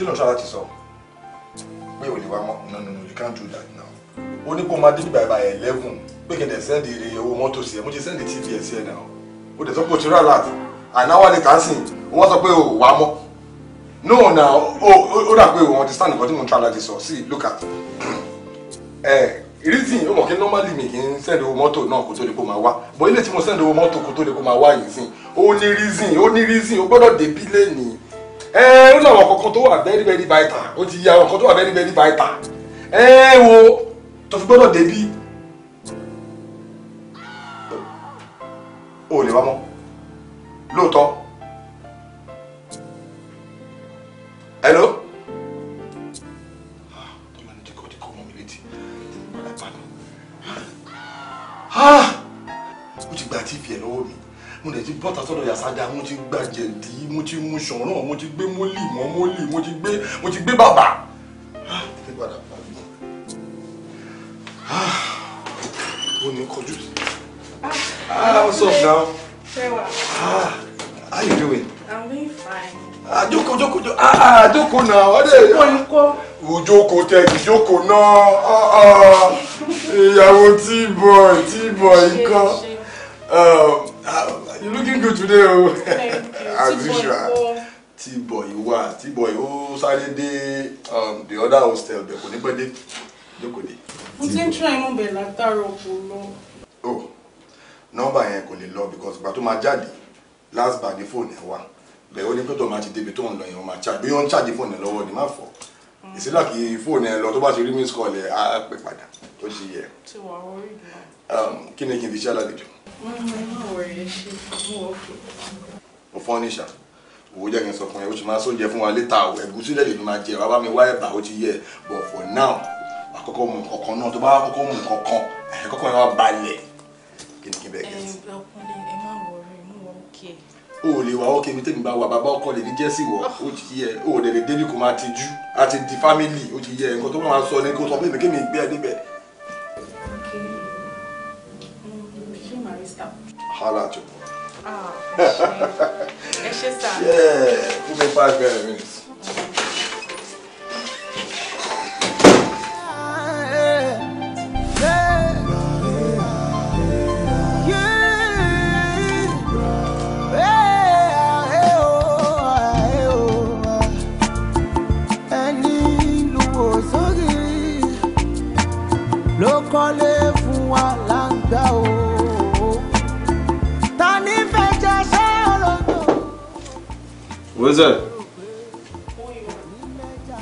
kí ló ń ṣara ti sọ pé ò lè wá mọ́ no no no you can't do that now ó ní kó máa dé bíbá by eleven pé kí n dẹ̀ sẹ́ndì owó mọ́tò sí ẹ mo ti sẹ́ndì tv ẹ̀ sí ẹ náà ó dẹ̀ sọ pé o ti rà láti ànáwó àti tàǹsìn wọ́n sọ pé o wà mọ́ no na ó dà pé o understand nǹkan tí mo ń ṣara ti sọ sí look at ẹ (clears throat) eh, reason o mọ̀ kí normally mi kì í send owó mọ́tò náà kó tó lè kó máa wá but ilé tí mo send owó mọ́tò kó tó lè kó máa wá yìí sìn ó ní reason ó ní reason ó gbọ́dọ̀ dé bílẹ̀ nìyí ẹ ó làwọn kankan tó wà very very vital ó ti yà àwọn kan tó wà very very vital ẹ wo tó fi gbọ́dọ̀ débi o lè wá mọ́ lóòótọ́ hello. mo dẹ̀ ti bọ́ta sọ́dọ̀ yàsáda mo ti gbàjẹ̀ dì mo ti mu ṣọ̀ràn mo ti gbé mólì mọ́ mólì mo ti gbé mo ti gbé bàbà. Ah, ah, ó ní kọjú sí. Ah, what's up now. How are you doing. i'm doing fine. ah jókòó jókòó jókòó ah jókòó náà ọdẹ. (laughs) ṣé kò ní kó òjòkó tẹ̀lé ìjókòó náà ìyàwó tí bọ̀ tí bọ̀ nǹkan um, You looking good today, oh. (laughs) As usual. T-boy, wá, T-boy, ó sáré dé um the other hostel bẹ́ẹ̀ kò ní pẹ́ dé. Jókòó dé. Mo ti ń try mọ́ bẹ̀ látàárọ̀ kò lọ. Oh, nọ́mbà yẹn kò lè lọ because ìgbà tó máa jáde last bag ní fóònù ẹ̀ wà. Bẹ́ẹ̀ ó ní pé tó máa ti débi tó ń lọ yẹn, ó máa ṣáà bí ó ń ṣáàjì fóònù ẹ̀ lọ́wọ́ ni má fọ̀. Ìsílà kì í fóònù ẹ̀ lọ tó bá ṣe rí miss call ẹ̀ á pè padà. Ó ṣe yẹ. Ti wà orí ìgbà. Um, kí ni kí n fi ṣe alálejò? mo fọ́n níṣà òwò jẹ́ kí n sọ fún ẹ ó ti máa sóúnjẹ fún wa létà ọ̀ ẹ̀gúsí lẹ́yìn ló máa jẹ wàá bá mi wá ẹ̀bà ó ti yẹ but for now àkọ́kọ́ mu kọ̀ọ̀kan náà tó bá kọ́kọ́ mu kọ̀ọ̀kan ẹ̀ kọ́kọ́ ẹ wá balẹ̀ kí ni kí n bẹ̀ gẹ̀ o lè wá ókè mi tèmi bá wà bàbá ọkọ lè ní jẹ́sì wọ̀ ó ti yẹ o ò dẹ̀ lè délé máa ti jú àti di fámìlì ó ti yẹ nǹkan tó máa sọ ní kó sọ holler at your boy. Oh, it's just that. Yeah, give me five better minutes. kọ́lé fún wa What is that?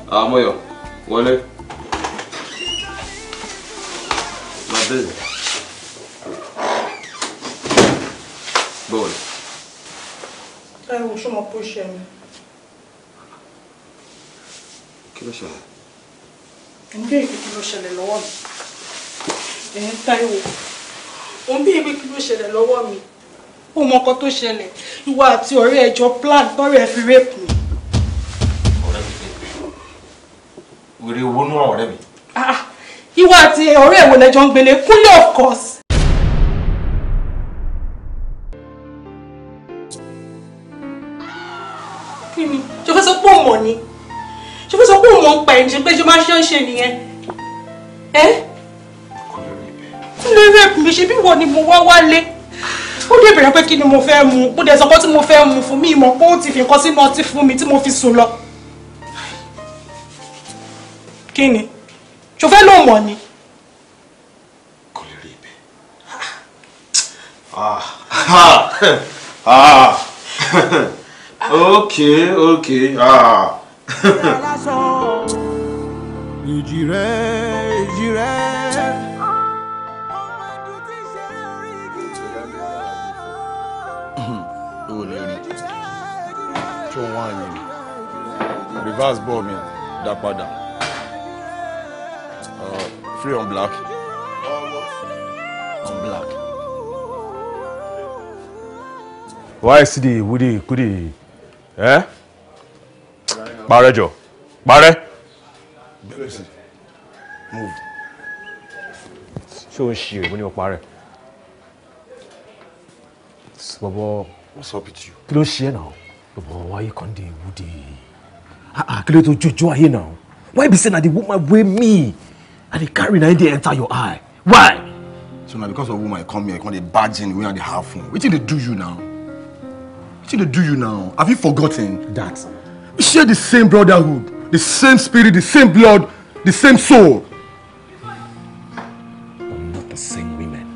Ah, Moyo. Wale. My business. Bọ́ọ̀lù. Ẹ wo ṣọmọ pé ó ṣe mi. Kí ló ṣẹlẹ̀? Ǹjẹ́ ìpè kí ló ṣẹlẹ̀ lọ́wọ́ mi? Ẹ̀yin Táíwò. Òun ó mọ nǹkan tó ṣẹlẹ̀ ìwọ àti ọ̀rẹ́ ẹ plan tọ́rẹ́ ẹ fi rape mi. ọ̀rẹ́ mi ṣe pé wèrè owó náà ọ̀rẹ́ mi. Ah, ah. ìwọ àti ọ̀rẹ́ ẹ wò lẹ́jọ́ ń gbélé kúnlẹ̀ of course. kí ni ṣe fẹ́ sọ pé òun mọ̀ ni ṣe fẹ́ sọ pé òun mọ̀ ń pa ẹ̀ ṣe pé ṣe máa ṣe ń ṣe nìyẹn ẹ́ kúnlẹ̀ rape mi ṣe bí wọ́n ni mo wá wálé ó dé bèrè pé kí ni mo fẹ́ mu ó dẹ̀ sọ pé tí mo fẹ́ mu fún mi ìmọ̀ pé ó ti fi nǹkan sínú ọtí fún mi tí mo fi sùn lọ. kí ni ṣòfẹ́ ló mọ̀ ni. kò lè rí ibẹ̀. Ah. Ah. Ah. okay okay. Ah. ìjì rẹ̀ ìjì rẹ̀. ṣó ń wá yìí ni reverse ball mi dá padà free uh, on black on black. wáyé sídìí wúdìí kúdìí ẹ́ parẹ́ jọ parẹ́. ṣé o ń ṣe èrè ní o parẹ́ bọ́bọ́ kí ló ṣe é náà. But why you come dey woody? Ah ah, kí ló tó jojo now? Why be saying that the woman wey me I dey carry na dey enter your eye? Why? So now because of woman you come here, you come dey barge in wey I dey What did they do you now? What did they do you now? Have you forgotten that? We share the same brotherhood, the same spirit, the same blood, the same soul. But not the same women.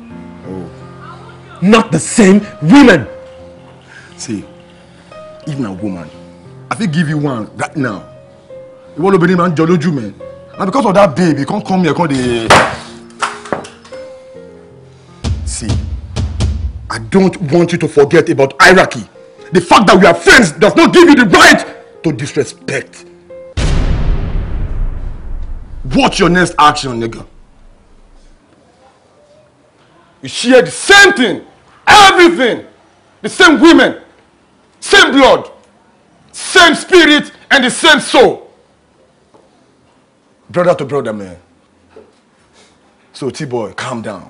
Oh. Not the same women. See, if na woman i fit give you one right now ìwọ lóbìnrin máa man, jọ lójú mẹ na because of that babe you come come here come dey see i don't want you to forget about hierarchy the fact that we are friends does not give you the right to disrespect watch your next action nigga you share the same thing everything the same women same blood same spirit and the same soul brother to brother man so t-boy calm down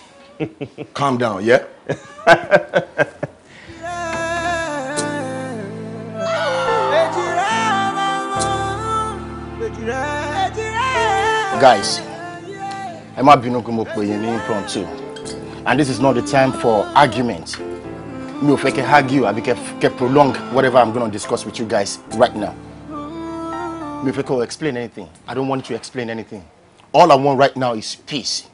(laughs) calm down yeah. guys ẹ má bínú pé mo pè yín ní impromptu and this is not the time for argument mi ò fẹ́ kẹ́ argue àbí kẹ́ kẹ́ prolong whatever i'm going to discuss with you guys right now mi ò fẹ́ kẹ́ explain anything i don't want you to explain anything all i want right now is peace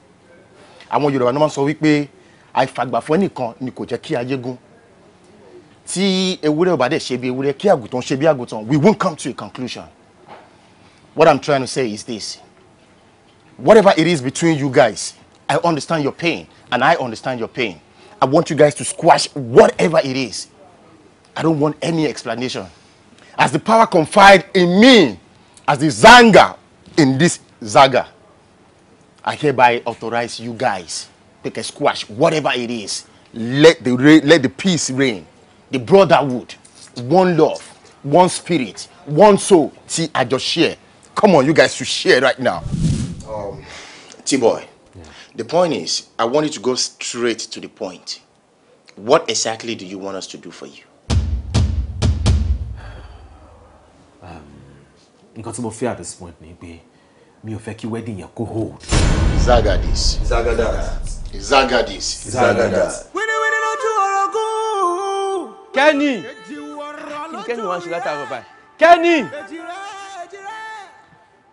I want you to àwọn yorùbá ni wọ́n sọ wípé àìfàgbàfọ́ nìkan ni kò jẹ́ kí ayé gún tí ewúrẹ́ ò bá dẹ̀ ṣe bí ewúrẹ́ kí àgùntàn ṣe bí àgùntàn we won't come to a conclusion what i'm trying to say is this whatever it is between you guys i understand your pain and i understand your pain I want you guys to squash whatever it is. I don't want any explanation. As the power confide in me, as the Zanga in this Zaga, I hereby authorize you guys take a squash, whatever it is. Let the let the peace reign, the brotherhood, one love, one spirit, one soul. See, I just share. Come on, you guys should share right now. Um, T-boy. The point is, I want you to go straight to the point. What exactly do you want us to do for you? Um, nǹkan tí mo fẹ́ at this point ni Me mi ò wedding yẹn go hold. zagadis. zagadas. zagadis. zagadas. wíníwíní lójú orogún. Kenny. Kenny, wọ́n you to látàrọ̀ báyìí Kenny.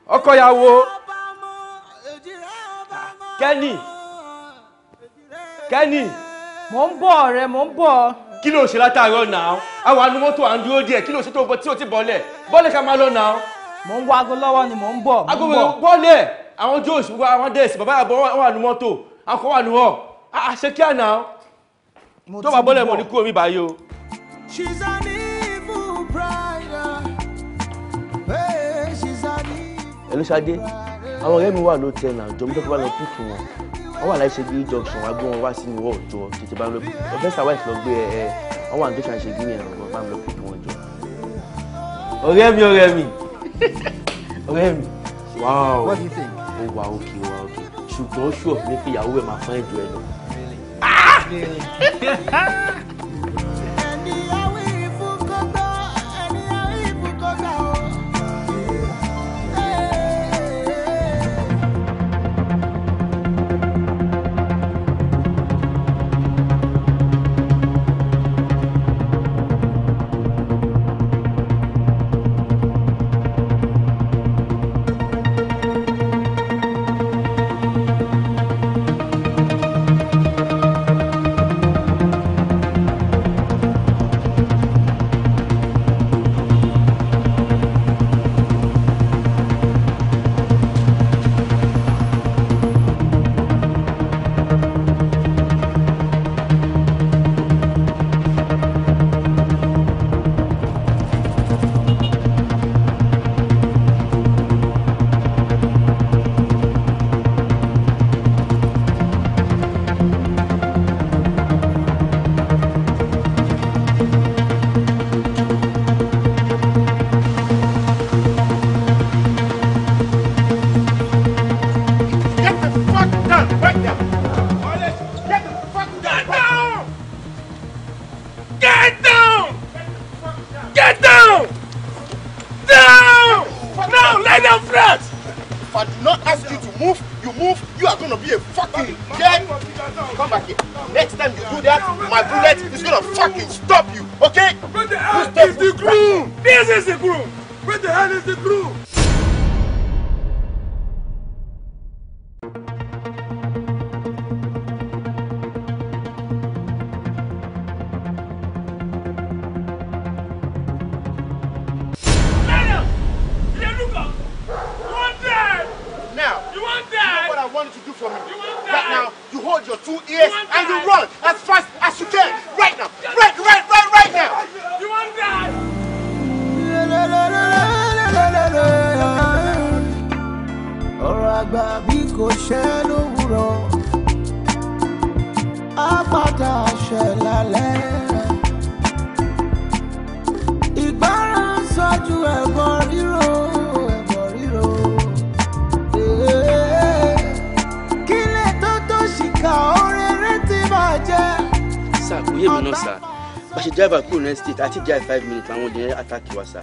ọkọ ìyàwó kẹ́nì kẹ́nì. mò ń bọ̀ ọ̀rẹ́ mò ń bọ̀. kí ló ṣe látàárọ̀ náà àwọn anú mọ́tò à díẹ̀ kí ló ṣe tó tí o ti bọ́lẹ̀ bọ́lẹ̀ ká máa lọ náà. mò ń wá aago lọ́wọ́ ni mò ń bọ̀. aago bọ́lẹ̀ àwọn jones wá àwọn dẹ́sì bàbá àbọ̀ wà nú mọ́tò akọ wà nú ọ̀ àṣẹ kíá náà tó wà bọ́lẹ̀ mọ̀ ní kúrò mi báyìí o àwọn ọ̀rẹ́ mi wà ló tẹ náà jọ mi fẹ́ kí wọ́n lọ píìkì wọn wọ́n wà láì ṣe bí junction wá gbé wọn wá sí ìwọ ọ̀jọ́ tètè bá lọ ọ̀fẹ́ sàwáìsì lọ gbé ẹ ẹ wọ́n wà ní junction ṣe bí yẹn lọ bá lọ píìkì wọn jọ. ọ̀rẹ́ mi ọ̀rẹ́ mi (laughs) ọ̀rẹ́ mi wáò ó òkè wà òkè ṣùgbọ́n ṣùọ̀ fún mi pé ìyàwó ẹ̀ máa fọ́n ẹ̀jọ̀ ẹ̀ kọjá five minutes àwọn obìnrin àtàkì wa sà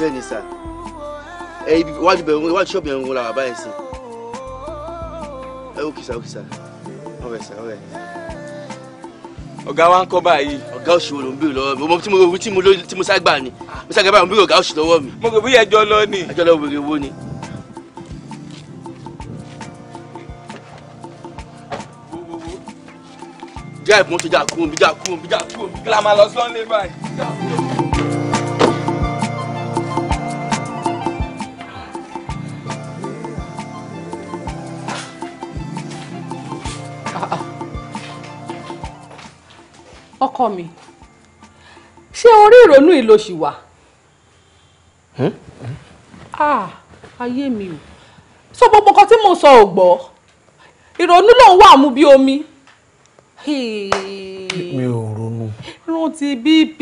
bẹ́ẹ̀ ni sà ẹ ibi iwájú bẹ̀rù iwájú ṣọ́ọ̀bù yẹn ń wọlé àwọn báyìí sí ẹ ó kìsà ó kìsà ọ̀rẹ́ sà ọ̀rẹ́. ọ̀gá wa ń kọ́ báyìí. ọ̀gá òṣìwò ló ń bèrè lọ́wọ́ mi ọmọ tí mo rò tí mo ló tí mo ságbà ni mo ságbà báyìí mo bèrè ọ̀gá òṣì lọ́wọ́ mi. mo rò bí ẹjọ́ lọ ni. ẹjọ́ lọ wèrè wo ni. drive mọ́tò jà kúrò bí jà kúrò bí jà kúrò kí la máa lọ sí London báyìí. ọkọ mi ṣé orí ìrònú yìí ló ṣì wà. Hm? Ah, ayé mi ò sọ gbogbo kan tí mo sọ ò gbọ́ ìrònú lòun wà mú bí omi mi ò ronú. rántí bp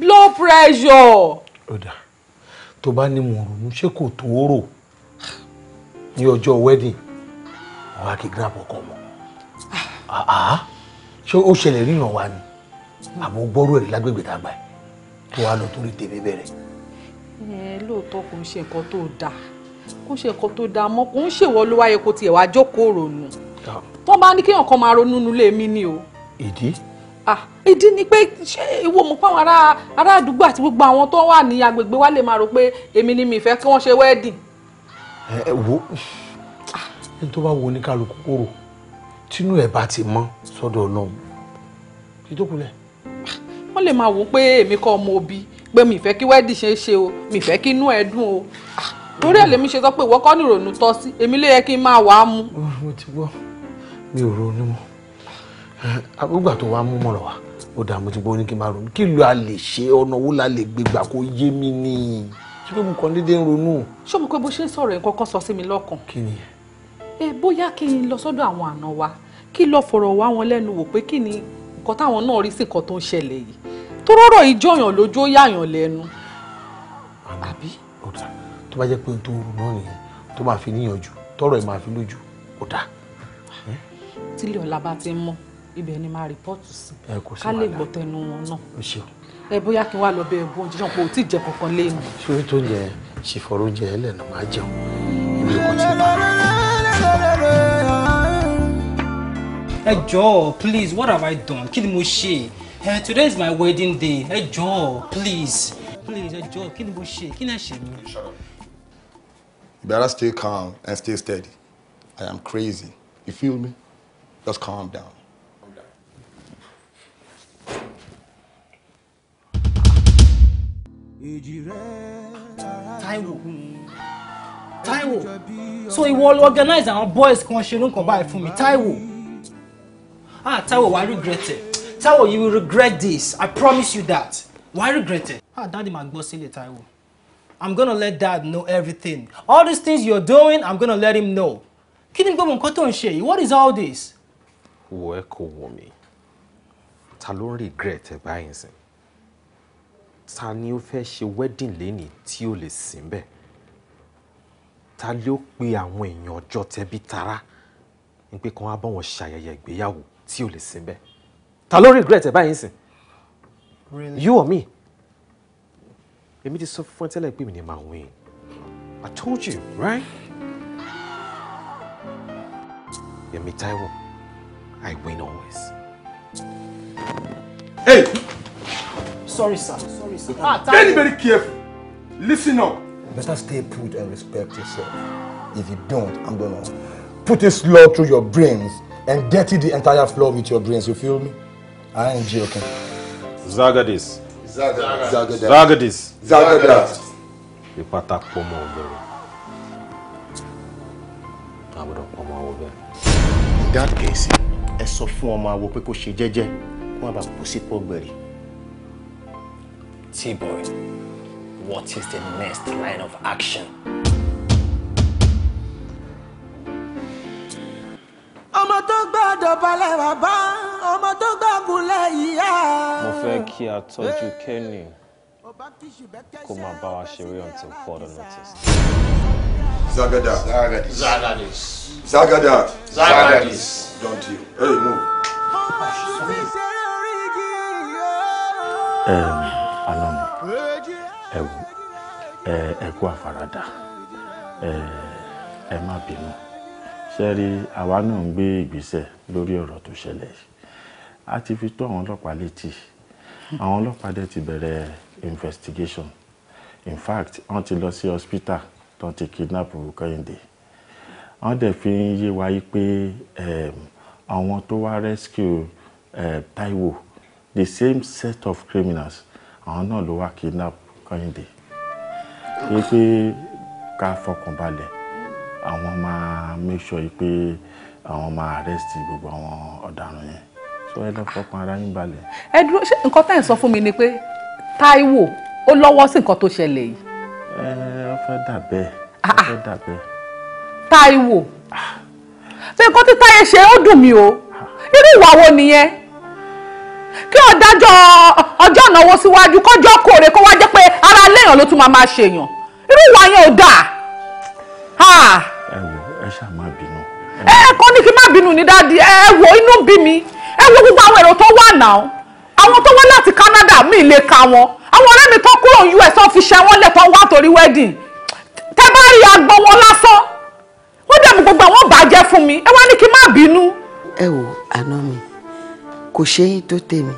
blood pressure. ọ̀dà tó bá ní mò ń ronú ṣé kò tó rò ní ọjọ́ wedding wàá kí grab ọkọ mọ́ ah, ah. ṣé ó ṣẹlẹ̀ ríran wa ni àmọ́ gbọ́rọ̀ ẹ̀ lágbègbè dàgbà ẹ̀ tó wá lọ torí tèmi bẹ̀rẹ̀. ẹ lóòótọ́ kò ń ṣe nǹkan tó dáa kò ń ṣe nǹkan tó dáa mọ́ kò ń ṣèwọ́ ló wáyé kó tiẹ̀ wá jókòó rònú ah tó bá ní kéèyàn kan máa ronú nulẹ̀ mi ni o. ìdí. ah ìdí ni pé ṣé ìwọ mọ̀ pé àwọn ará ará àdúgbò àti gbogbo àwọn tó wà ní agbègbè wa lè máa rò pé èmi ni mi fẹ́ kí wọ́n ṣe wẹ́ẹ̀dì. ẹ ẹ wo ní tó bá wo ní kálukú kúrò tínú ẹ bá ti mọ sọ́dọ̀ Ọlọ́run kí tó kulẹ. wọ́n lè máa wò ó pé èmi kọ́ ọmọ òbí pé mi fẹ́ kí wẹ́ẹ̀dì ṣe é ṣe o mi fẹ́ kí inú ẹ dùn o ah, torí ẹ̀ lèmi ṣe sọ pé ìwọ kọ́ nìrònú tọ́ sí èmi ló yẹ kí n máa wàá mu. mo ti gbọ́ mi ò ronú mọ́ agbógbà tó wá mú mọ̀rọ̀ wá ó dà mo ti gbọ́ ní kí n máa ronú kí ló a lè ṣe ọ̀nà wo la lè gbé gbà kó yé mi ni ṣé pé mo kàn dédé ń ronú. ṣé mo pé bó ṣe ń sọ̀rọ̀ nǹkan kan sọ sí mi lọ́kàn. kí ni. ẹ bóyá kí n lọ sọ́dọ̀ àwọn àna wa kí lọ fọ̀rọ̀ wá wọn lẹ́nu wò pé kí ni nǹkan táwọn náà rí sí nǹkan tó ń ṣẹlẹ̀ yìí tó rọ̀rọ̀ ìjọyàn lójú ó yàyàn lẹ́nu. àbí máa fi lójú ó dáa tílé ọ̀la bá ti ń mọ́ ibẹ̀ ni máa rìpọ́ọ̀tù sí ká lè gbọ́ tẹnu wọn náà ẹ bóyá kí n wá lọ bẹ ẹbú oúnjẹ yàn pé tí ì jẹ kankan léèmù. ṣé tó yẹ ṣèfọ̀rọ̀ jẹ ẹ máa jẹun ibi kò tí ì bá ẹ jọ̀ọ́ please what have I done kí ni mo ṣe uh, today is my wedding day ẹ jọ̀ọ́ please please ẹ jọ̀ọ́ kí ni mo ṣe kí ni ẹ ṣe mi. you better stay calm and stay steady I am crazy you feel me. Let's calm down. Taiwo, Taiwo. so ìwọ ló organize àwọn boys kan ṣe ló ń kàn báyìí fún mi Táíwò ah Taiwo, wàá regret it Taiwo, you will regret this I promise you that wàá regret it ah dáàdi máa gbọ́ sílẹ̀ Taiwo. I'm gonna let dad know everything all these things you're doing I'm gonna let him know kí ni gbogbo nǹkan tó ń ṣe yìí what is all this wọ ẹ kò wọ mí ta ló ń regret ẹ báyìí sìn ta ni ó fẹ́ ṣe wedding lénìí tí ó lè sìn bẹ́ẹ̀ ta ló pe àwọn èèyàn ọjọ́ tẹbí tara. ní pé kàn wá bá wọn ṣàyẹyẹ ìgbéyàwó tí ó lè sìn bẹ́ẹ̀ ta ló regret ẹ báyìí sìn you or me èmi ti sọ fún ẹ tẹ́lẹ̀ pé mi ni màá win I told you right Yẹmi Táíwò. Yeah, I win always. Hey! Sorry, sir. Sorry, sir. Ah, very, very careful. Listen up. Better stay put and respect yourself. If you don't, I'm gonna put this law through your brains and dirty the entire floor with your brains. You feel me? I ain't joking. Zagadis. Zagadis. Zagadis. Zagadis. Zagadis. Ìpàtà pọ̀ baby. I Àbúrò pọ̀ mọ́ ọ̀bẹ̀rẹ̀. In that case, ẹ sọ fún ọmọ àwo pé kó ṣe jẹ́jẹ́ kó má bàa kú sípò gbèrè. T-boy, what is the next line of action? ọmọ tó gbọ́dọ̀ balẹ̀ bàbá ọmọ tó gbọ́gùn lẹ̀ yíyá. mo fẹ́ kí a tọ́jú Kenny kó máa bá wa ṣeré until further notice. Zagada. Zagadis. Zagada. Zagadis. Don't you? Hey, move. Um, Alam, ẹ wo, ẹ ẹ kú àfaradà, ẹ ẹ má bínú. Ṣé rí àwa náà ń gbé ìgbésẹ̀ lórí ọ̀rọ̀ tó ṣẹlẹ̀ yìí? A ti fi tó àwọn ọlọ́pàá létí àwọn ọlọ́pàá dẹ̀ ti bẹ̀rẹ̀ investigation in fact wọ́n ti lọ sí hospital tó ti kidnap Kẹ́hìndé wọ́n dẹ̀ fi ń yé wa pé ehm, àwọn tó wá rescue eh, Táíwò the same set of criminals àwọn náà ló wá kidnap Kẹ́hìndé yí pé ká fọkàn balẹ̀ àwọn máa make sure yí pé àwọn máa arrest gbogbo àwọn ọ̀daràn yẹn so ẹ lọ fọkàn ara yín balẹ̀. ẹ dúró ṣé nǹkan tá ẹ̀ ń sọ fún mi ni pé Taiwo. ó lọ́wọ́ sí nǹkan tó ṣẹlẹ̀ yìí. ẹ ọ fẹ́ dà bẹ́ẹ̀ ọ ah, ah. fẹ́ dà bẹ́ẹ̀. Táíwò ah. ṣé nǹkan tí Táyé ṣe ó dùn mí o irú ìwà wo nìyẹn kí ọ̀dájọ́ ọjọ́ ìnáwó síwájú kọjọ́ kòrè kó wá jẹ́ pé ara léèyàn ló tún máa máa ṣèyàn irú ìwà yẹn ò dáa. ẹ wò ẹ ṣáà má bínú. ẹ kọ́ ni kí má bínú ní dáàdi ẹ wò inú bí mi ẹ wo gbogbo àwọn èrò tó wà náà àwọn tó wá láti Canada mi lè ka wọn àwọn ọ̀rẹ́ mi tó kúrò US tó fi ṣe wọ́n lẹ́tọ̀ wá torí wedding tẹ bá rí agbọ wọn lásán wọ́n dẹ̀ mú gbogbo àwọn bàjẹ́ fún mi ẹ wá ní kí n má bínú. ẹ wo àná mi kò ṣe é tó tèmi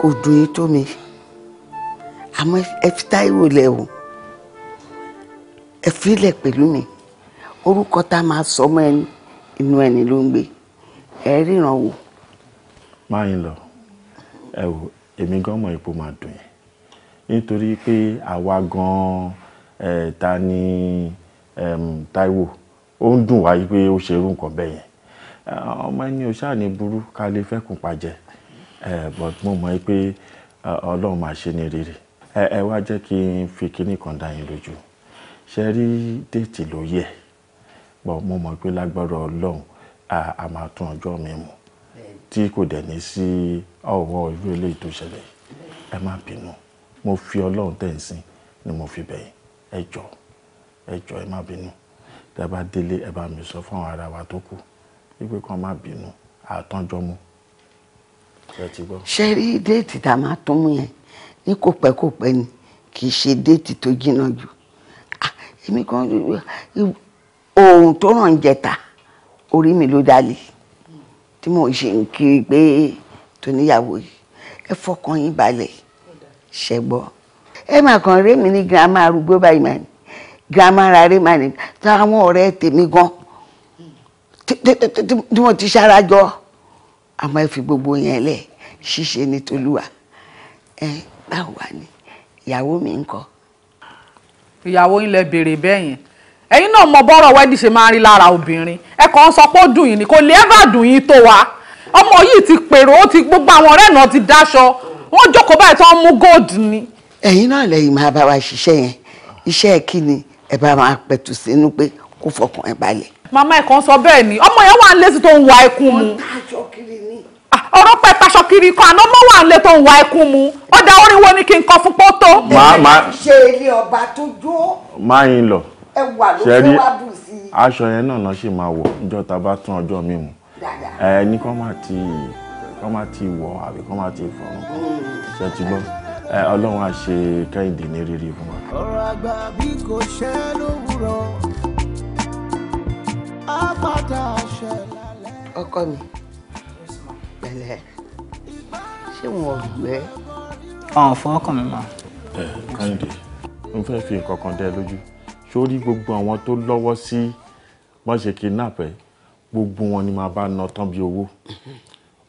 kò dùn é tó mi àmọ́ ẹ fi Táíwò lẹ̀ o ẹ fi lẹ̀ pẹ̀lú mi orúkọ tá a máa sọ ọmọ ẹni inú ẹni ló ń gbé ẹ ríran wò. máa ń lọ ẹ wò èmi gan mọ ipò máa dùn yẹn nítorí pé àwa gan ẹ ta ni Táíwò ó ń dùn wáyé pé ó ṣerú nǹkan bẹ́ẹ̀ yẹn ọmọ ẹni ò ṣáà ní burú ká lè fẹ́kùn pàjẹ́ but mo mọ̀ pé ọlọ́run máa ṣe ní rere ẹ wá jẹ́ kí n fi kinní kan dá yín lójú ṣe rí déètì ló yẹ but mo mọ̀ pé lágbára ọlọ́run a máa tún ọjọ́ mi mú tí kò dẹ̀ ní sí ọwọ́ irú eléyìí tó ṣẹlẹ̀ ẹ má bínú mo fi ọlọ́run tẹ̀ ń sìn ni mo fi bẹ̀yìn ẹ jọ ẹ jọ ẹ má bínú tẹ bá délé ẹ bá mi sọ fún àwọn ará wa tó kù wípé kàn má bínú àtọ́jọ́ mu ẹ ti gbọ́. ṣe rí déètì tá a máa tún mú yẹn ní kò pẹ́ kò pẹ́ ni kì í ṣe déètì tó jìnnà jù ah, èmi kan oòrùn tó ràn jẹta orí mi ló dalẹ̀ tí mò ń ṣe ń kiri pé tóníyàwó yìí ẹ fọkàn yín balẹ̀ ṣẹ́gbọ́ ẹ máa kàn ré mi ní girama arúgbó báyìí mà ní girama ara ré mà ní táwọn ọ̀rẹ́ tèmi gan tí wọ́n ti ṣarajọ àmọ́ ẹ fi gbogbo yẹn lẹ̀ ṣíṣe ní tolúwa ẹ báwo wà ní ìyàwó mi ń kọ́. ìyàwó yín lẹ béèrè bẹ́ẹ̀ yẹn ẹ̀yin náà mọ bọ́rọ̀ wẹ́dí ṣe máa ń rí lára obìnrin ẹ kàn sọ pé ó dùn yín ni kò lè ẹ́fà dùn yín tó wa ọmọ yìí ti pèrò ó ti gbogbo àwọn ọ̀rẹ́ náà ti dáṣọ wọ́n jókòó báyìí tó ń mú gold ni. ẹ̀yin náà lẹ́yìn máa bá wa ṣiṣẹ́ yẹn iṣẹ́ kí ni ẹ bá máa pẹ̀tù sínú pé kó fọkàn ẹ balẹ̀. màmá ẹ̀ kan sọ bẹ́ẹ̀ ni ọmọ yẹn wà ń létí tó ń wa ikún mu ọ̀rọ̀ pẹ́ taṣọ kiri kan àná mọ́ wà ń lé tó ń wa ikún mu ó orin wo ni kí n kọ fún pótó. máa máa máa yín lọ ẹwà ló fẹ́ wá dùn sí i. aṣọ yẹn náà náà ṣì máa wọ̀ níjọ́ tá a bá tún ọjọ́ mi mu ẹ ní kọ́ máa ti kọ́ máa ti wọ̀ àbí kọ́ máa ti fọ̀rùn mm. ṣe ti gbọ́ ọlọ́run á ṣe kẹ́hìndé ní rírì fún wa. ọ̀rọ̀ àgbà bí kò ṣe lówùrọ̀ á padà ṣẹ lálẹ́. ọkọ mi pẹ̀lẹ́ ṣé wọn ò gbẹ. ọ̀hún fún ọkàn mi mọ́. ẹ kẹ́hìndé n fẹ́ fi nǹkan kan dẹ́ lójú sórí gbogbo àwọn tó lọ́wọ́ sí wọ́n ṣe kidnap ẹ̀ gbogbo wọn ni màá bá ná tán bí owó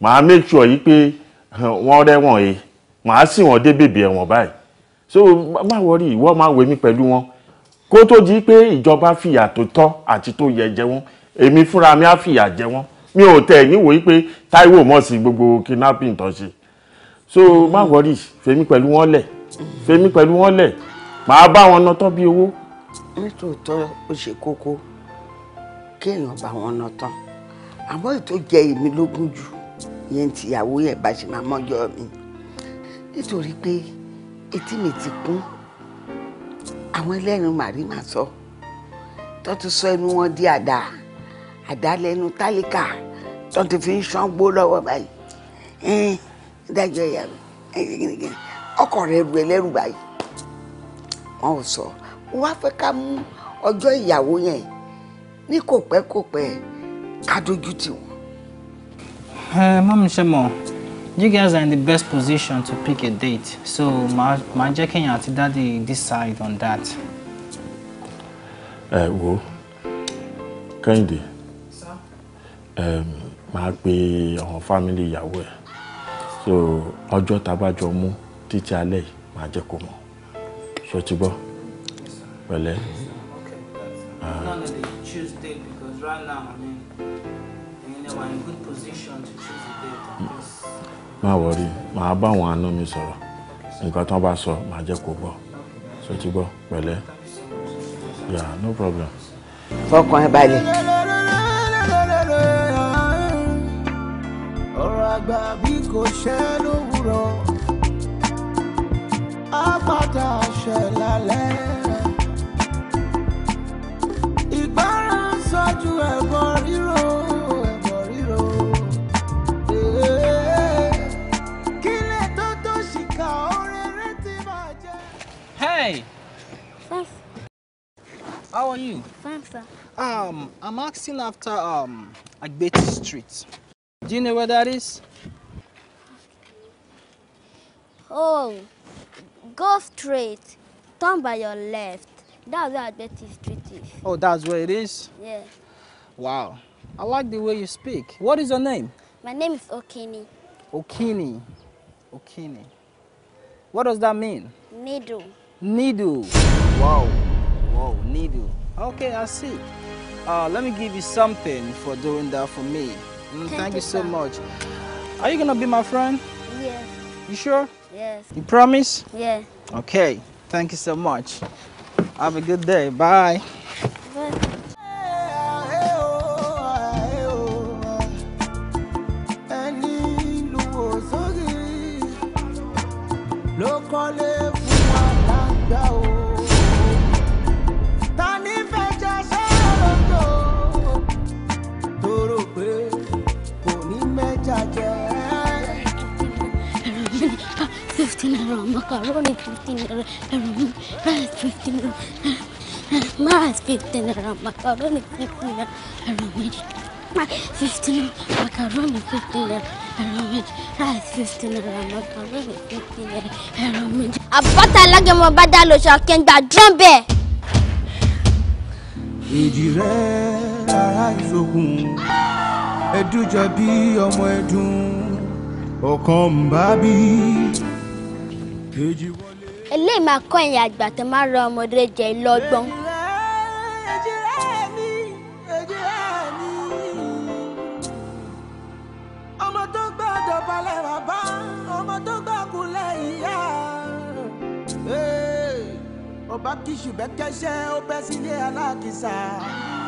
màá make sure yìí pé eh, wọ́n rẹ́wọ̀n e màá sì wọ́n dé bèbè ẹ̀wọ̀n báyìí so má wọrí ìwọ máa wé mi pẹ̀lú wọn kó tó di pé ìjọba fìyà tó tọ́ àti tó yẹ jẹ wọ́n èmi fúnra mi á fìyà jẹ wọ́n mi ò tẹ̀ níwòye pé Táíwò mọ̀ sí gbogbo kidnapping tó ṣe so má wọrí fèmi pẹ̀lú wọn lẹ̀ fèmi pẹ̀lú wọn lẹ̀ màá bá wọn nà tán bí owó nítòótọ́ ó ṣe kókó kéèyàn bá wọn ná tán àmọ́ ètò jẹ́ èmi lógún jù yẹn tìyàwó yẹn bá ṣe máa mọ́jọ́ mi nítorí pé etí mi ti kún àwọn ẹlẹ́nu màrí màá sọ tó ti sọ ẹnu wọn di àdá àdá lẹ́nu tálíkà tó ti fi ń ṣán gbó lọ́wọ́ báyìí ẹ̀ẹ́n dájọ́ ìyàwó ọkọ̀ rẹ̀ rú ẹlẹ́rù báyìí wọ́n ò sọ. So wá fẹ́ ká mú ọjọ́ ìyàwó yẹn ní kò pẹ́ kò pẹ́ ká dojú tì wọ́n. mọ́mí ṣe mọ̀ you guys are in the best position to pick a date so màá jẹ́ kéèyàn àti dáàdi decide on that. ẹ wo kẹ́hìndé màá pe àwọn fámìlì ìyàwó ẹ̀ so ọjọ́ tabajọ mú títí alẹ́ yìí màá jẹ́ kó mọ̀ ṣó ti gbọ́ pẹ̀lẹ́. okay that's uh, not only choose date because right now i mean you know, i'm in good position to choose a date because. má wọrí màá bá àwọn àna mi sọ̀rọ̀ nǹkan tí wọ́n So, sọ màá jẹ́ kó gbọ́ ṣó yeah no problem. Fuck my balẹ̀. ọ̀rọ̀ kò ṣe lówùrọ̀ á padà ṣẹ̀ lálẹ́. sir? Um, I'm asking after um, Agbeti Street. Do you know where that is? Oh, go straight. Turn by your left. That's where Agbeti Street is. Oh, that's where it is? Yeah. Wow. I like the way you speak. What is your name? My name is Okini. Okini. Okini. What does that mean? Needle. Needle. Wow. Wow, needle. Okay, I see. Uh, let me give you something for doing that for me. Mm, thank you so much. Are you gonna be my friend? Yes. You sure? Yes. You promise? Yeah. Okay. Thank you so much. Have a good day. Bye. Bye. ẹran macaroni fifteen naira ẹran rice fifteen naira rice fifteen naira macaroni fifteen naira ẹran méjì fifteen naira macaroni fifteen naira ẹran méjì rice fifteen naira macaroni fifteen naira ẹran méjì. àbọ̀tà alágẹ̀mọ́ bá dá lóṣù akẹ́ńdà dán bẹ́ẹ̀. èjì rẹ̀ ara ìṣòkun ẹdùn jẹ bí ọmọ ẹdùn ọkàn ń bá eléyìí máa kọ́ ẹ̀yin àgbà tó máa rọ ọmọdé jẹ lọ́gbọ́n. ọba kìsù bẹ́ kẹ́sẹ́ ó bẹ́ sílé alákìsà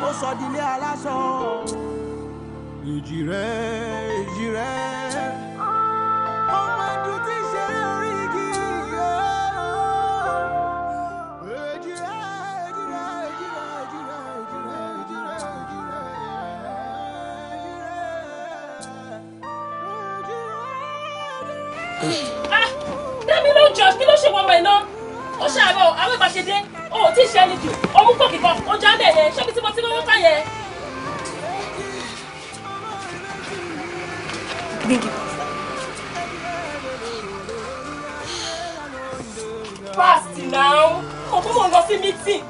ó sọ dílé aláṣọ. ìjì rẹ̀ ìjì rẹ̀. ọmọ dámi ló jọ kí ló ṣe wọ́n mọ̀ iná ó ṣàárọ̀ àwọn ìbáṣe dé ó ò tí ì ṣe ẹni jù ó mú kọ́ kíkọ́ ó já bẹ̀ yẹn ṣébi tí mo ti lọ́wọ́ kà yẹn. Gbígi. Fast now. Kò kó mò ń lọ sí meeting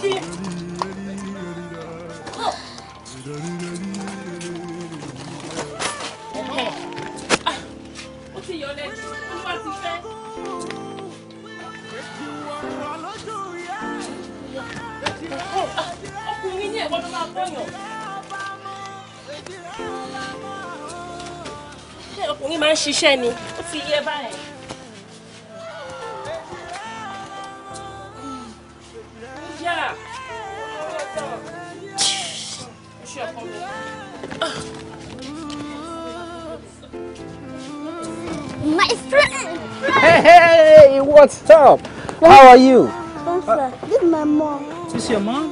ọkùnrin ní ẹ̀kọ́ ló máa bọ́yàn. ọkùnrin máa ń ṣiṣẹ́ ni ó ti yẹ báyìí. My friend, Hey, hey, what's up? How are you? I'm fine. This is my mom. It's your mom.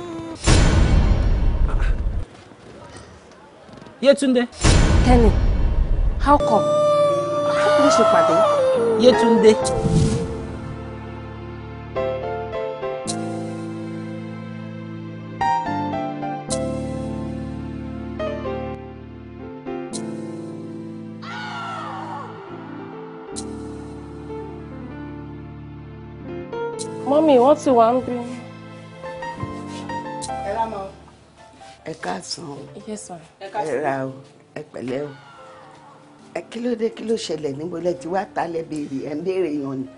Yetunde. Kenny, how come? How come she pàdé? Yetunde. Mọ́mí, wọ́n ti wá ń bí. ẹ káàsán o ẹ ra o ẹ pẹ̀lẹ́ o ẹ kí ló dé kí ló ṣẹlẹ̀ níbo lẹ ti wá ta lẹ béèrè ẹ ń béèrè yan ni.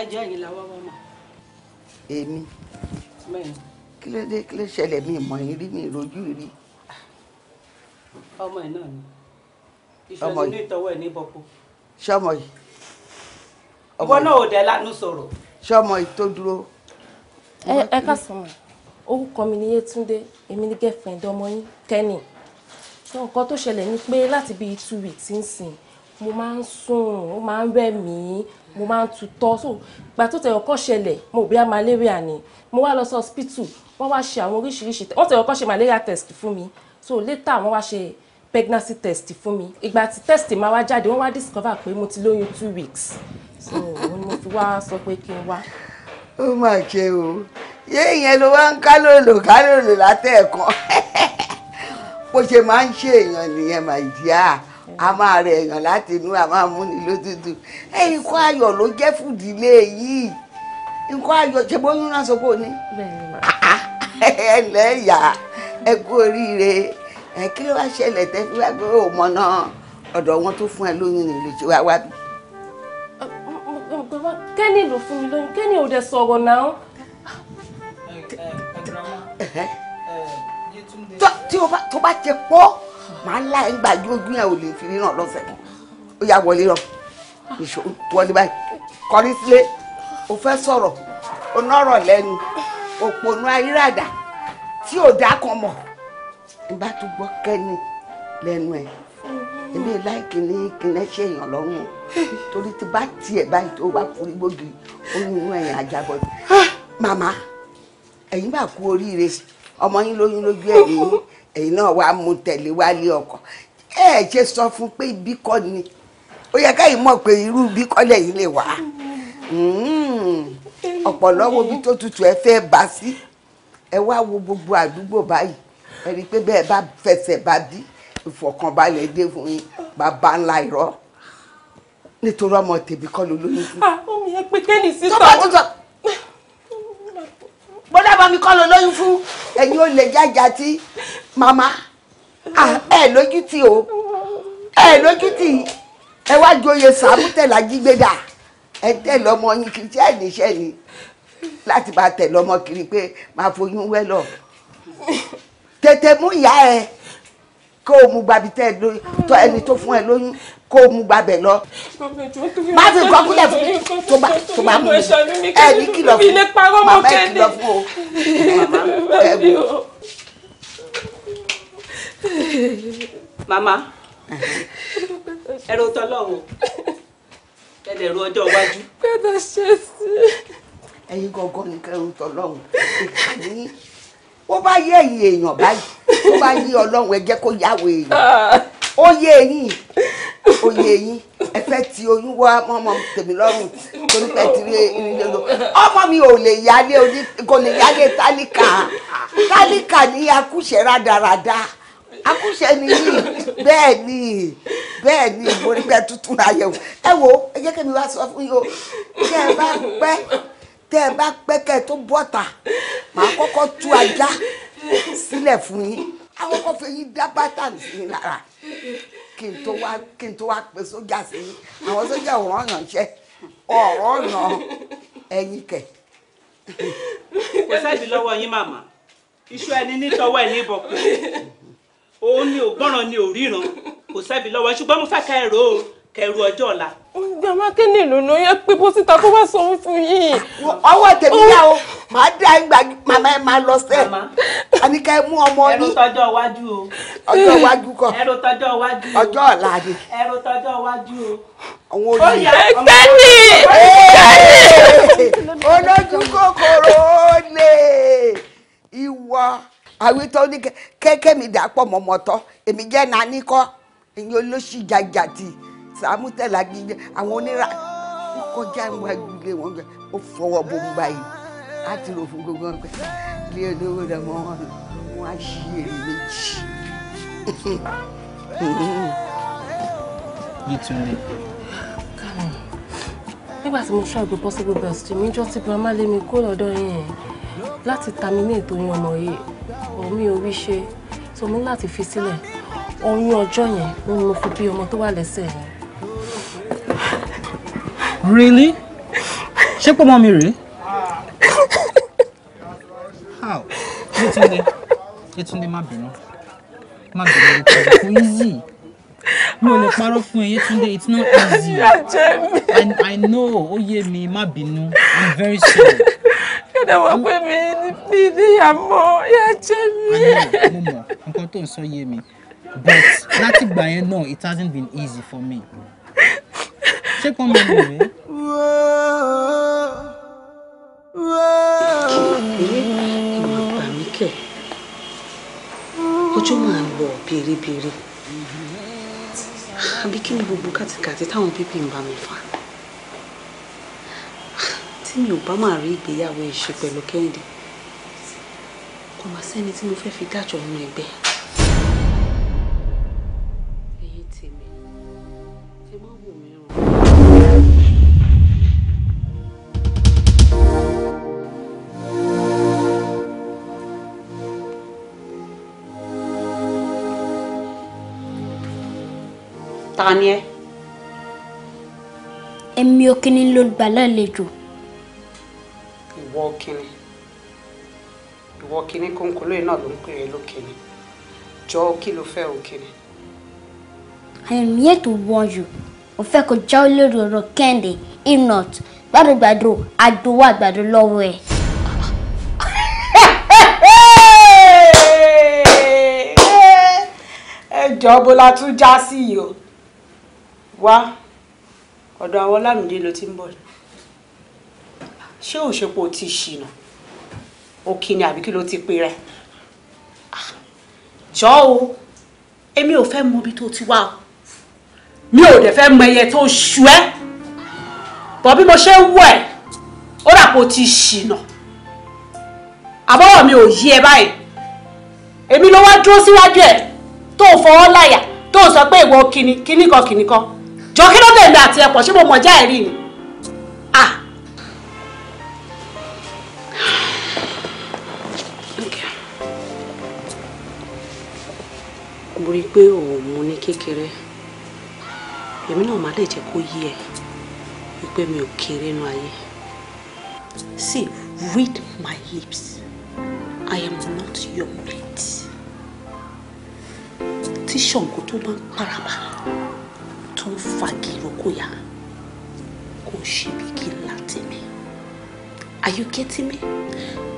ẹ jẹ́ ẹ̀yin làwọn wọ́n mọ̀. èmi kí ló dé kí ló ṣẹlẹ̀ mi ìmọ̀ yín rí mi ìrojú rí. ọmọ ẹ náà ni ìṣòro ní ìtọ́wọ́ ẹ̀ ní bọ́pọ̀. sọmọ yìí. ìwọ náà ò dẹ́ lánú sọ̀rọ̀. sọmọ yìí tó dúró. ẹ ká sọmọ yìí orúkọ mi ni Yétúndé èmi ni girlfriend ọmọ yín Kenny so nǹkan tó ṣẹlẹ̀ ni pé láti bíi two weeks nsìn mo máa ń sùn ó máa ń rẹ̀ mí mo máa ń tutọ́ so ìgbà tó tẹ̀yọ̀ kọ́ ṣẹlẹ̀ mo ò bí a malaria ni mo wá lọ sí hospital wọ́n wá ṣe àwọn oríṣiríṣi wọ́n tẹ̀yọ̀ kọ́ ṣe malaria test fún mi so later wọ́n wá ṣe pregnancy test fún mi ìgbà tí test máa wá jáde wọ́n wá discover pé mo ti lóyún two weeks so mo fi wá sọ pé kí n wá. ó mà ṣe o yé ìyẹn ló wá ń kálòlò kálòlò látẹ̀ẹ̀kan (laughs) bó ṣe máa ń ṣe èèyàn nìyẹn màìdíà a máa rẹ èèyàn láti inú a máa múni lótútù ẹ̀yin kó ayọ̀ ló jẹ́ fùdílé yìí nǹkan ayọ̀ ṣe bóyún náà sọ pé ó ní. (laughs) ẹ lẹ́ yà ẹ kú oríire ẹ kí ló wá ṣẹlẹ̀ tẹ́ fi wá pé ó mọ náà ọ̀dọ̀ wọn tó fún ẹ lóyún ni ló ṣe wá wá bí. kẹ́ni ló fún mi lóyún kẹ́ni ò dẹ̀ sọ̀rọ̀ náà tí o bá tó bá jẹ pọ́ màá lá ẹ̀ ń gbà ju ojú yẹn ò lè fi ríràn lọ́sẹ̀ ó yà wọlé lọ wọlé báyìí kọrí sílé o fẹ́ sọ̀rọ̀ o nọ̀rọ̀ lẹ́nu òpònú ayírádà tí ò dá kan mọ̀ n bá tún gbọ́ kẹ́ni lẹ́nu ẹ̀ èmi láìkì ní kìnẹ́ ṣe èèyàn lọ́rùn torí ti bá tiẹ̀ báyìí tó wá forí gbòógì ó ní inú ẹ̀yìn ajábọ̀ màmá ẹ̀yin bá kú oríire ọmọ yín lóyún lójú ẹ̀rí yín ẹ̀yin náà wàá mú tẹ̀lé wálé ọkọ ẹ ẹ̀ ṣe sọ fún pé ibi kọ́ ni ó yẹ káyìí mọ̀ pé irú ibi kọ́ lẹ́yìn lè wá hmm. ọ̀pọ̀lọ́wọ́ bí tó tutù ẹ fẹ́ bá sí ẹ wá wo gbogbo àdúgbò báyìí ẹ rí i pé bẹ́ẹ̀ bá fẹsẹ̀ bá bí ìfọ̀kànbalẹ̀ dé fún yín bàbá ńlá irọ́ nítorí ọmọ tèmi kọ́ ló lóyún fún. àwọn ọmọ yẹn pé kẹ́ni sísọ. tó bá tún sọ bọ́dà bá mi kọ́ lọ lóyún fún ẹ̀yin ó lè jájà tí màmá ẹ lójú tì o ẹ lójú tì ẹ wá joyè sàmútẹ̀ làjígbéda ẹ tẹ̀ lọ́mọ yín kiri tí ẹ níṣẹ́ ni láti bá tẹ̀ lọ́mọ kiri pé máa foyún wẹ́lọ̀ tètè mú ìyá ẹ kó o mú gbàbí tẹ tọ ẹni tó fún ẹ lóyún kó o mú gbàbẹ lọ. má fi nǹkan kúlẹ̀ fún mi tó bá tó bá mú mi ẹ ní kìlọ̀ fún màmá ẹ kìlọ̀ fún o màmá ẹ wò. màmá ẹ̀rọ tọ́lọ́run ẹ̀dẹ̀rù ọjọ́ iwájú. pẹ́ẹ́dà ṣe sí. ẹ̀yin gangan nìkan ẹ̀rù tọ́lọ́run ìkànnì ó bá yé ẹ̀yin èèyàn báyìí ó bá yé ọlọ́run ẹ jẹ́ kó yáwó èèyàn ó yé eyín ó yé eyín ẹ fẹ́ ti oyún wá ọmọ tèmi lọ́rùn torí pé ti rí irinlẹ̀ lọ ọmọ mi ò lè yálé oní kò lè yálé tálíkà tálíkà ní akúṣẹ̀ rádaràda akúṣẹ̀ nìyí bẹ́ẹ̀ ni bẹ́ẹ̀ ni mo rí pé tuntun ayẹ̀wò ẹ wo ẹ jẹ́ kí mi wá sọ fún yín o kí ẹ bá pẹ́ tẹ́ ẹ bá pẹ́kẹ́ tó bọ́ta màá kọ́kọ́ tú ajá sílẹ̀ fún yín àwọn kan fẹ́ yí dá bàtà sí lára kí n tó wá kí n tó wá pe sójà sí àwọn sójà ọ̀rọ̀ ọ̀nà ṣẹ́ ọ̀rọ̀ ọ̀nà ẹ̀yìn kẹ̀. kò sẹ́ẹ̀dì lọ́wọ́ yín màmá iṣu ẹni nítọwọ́ ẹ̀ níbọ̀ kù òun ni ò gbọ́ràn ni ò ríran kò sẹ́ẹ̀dì lọ́wọ́ ṣùgbọ́n mo fẹ́ ká ẹ rò kẹrù ọjọ́ ọ̀la. kí kéde lòlò yẹn pé fún yìí. ọwọ́ tèmi o màá dá ìgbà màmá ẹ máa lọ sẹ́ẹ̀ àníkà ẹ mú ọmọ ẹrù tọjọ́ iwájú o. ọjọ́ iwájú kọ. ẹrù tọjọ́ iwájú o. ọjọ́ ọ̀la ni. ẹrù tọjọ́ iwájú o. àwọn olójú kòkòrò ní kẹ́kẹ́ mi dà pọ̀ mọ́mọ́tọ́ èmi sàmútẹ̀lá gíga àwọn onírà wọn kọjá ìwà gbígbé wọn gbẹ ó fọwọ́ bó ń gbà yìí á rò fún gbogbo ọgbẹ ilé olówó rẹ mọ wọn á ṣí èrè méjì. Yétúndé nígbà tí mo ṣàgbé possible best mi jọ tí grandma lé mi kó lọ́dọ̀ yẹn láti terminate oyún ọmọ yìí omi orí ṣe tó ní láti fi sílẹ̀ oyún ọjọ́ yẹn ni mo fi bí ọmọ tó wà lẹ́sẹ̀ yẹn really ṣé pọ́ mọ́ mi rèé how Yétúndé Yétúndé má bínú má bínú ìpàdé kò easy mi ò lè parọ́ fún ẹ Yétúndé it's not easy I, I know ó yé mi má bínú I'm very sorry padà wá pé mi ní níyàmọ́ yá jẹ́ mi. mo mọ nǹkan tó ń sọ yé mi but látìgbà yẹn náà it hasn't been easy for me ṣé kàn mọ mi rè é. ọjọ́ máa ń lọ bèrèbèrè àbí kí ni gbogbo kàtìkàtì táwọn bíbí ń bá mi fà tí mi ò bá máa rí ìgbéyàwó ìṣe pẹ̀lú Kẹ́hìndé kò má sẹ́ni tí mo fẹ́ fi dájọ́ nínú ẹgbẹ́ yẹn. ta ni ẹ. èmi ò kíni ló gbà lálejò. ìwọ kíni ìwọ kíni kónkóló yìí náà ló ń pè é lókìní jọ kí ló fẹ́ òkìní. I am here to warn you mo fẹ́ kó jáwé lórí ọ̀rọ̀ kẹ́hìndé if not gbàdúgbàdú àdúwà àgbàdo lọ́wọ́ ẹ̀. (laughs) ẹ jọ bó la tún já sí yìí o wá ọ̀dọ̀ àwọn Ọlámídé ló ti ń bọ̀ ṣé òṣèpò ti ṣìnà òkè ni àbí kí ló ti pera ẹ̀ ah, jọ́ o èmi ò fẹ́ mọ ibi tó ti wá o mi ò dẹ̀ fẹ́ mọ ẹyẹ tó ṣu ẹ́ bọ̀ bí mo ṣe ń wọ̀ ẹ́ ó dàpọ̀ ti ṣìnà àbọ̀wọ̀ mi ò yí ẹ báyìí èmi ló wá dúró síwájú ẹ̀ tó fọwọ́ láyà tó sọ pé ìwọ kìnnìkan kìnnìkan jọ kí ló dé mi àti ẹ̀pọ̀ ṣé mo mọ̀ já ẹ̀rí ni. Ah. mo rí i pé òun mu ní kékeré èmi náà má lè jẹ́ kó yé ẹ wípé mi ò kéré nú ayé see read my lips I am not your mate tí ṣàǹkó tó bá ń parapara tó ń fagirò kò kò ṣe bí kí n là tèmi are you getting me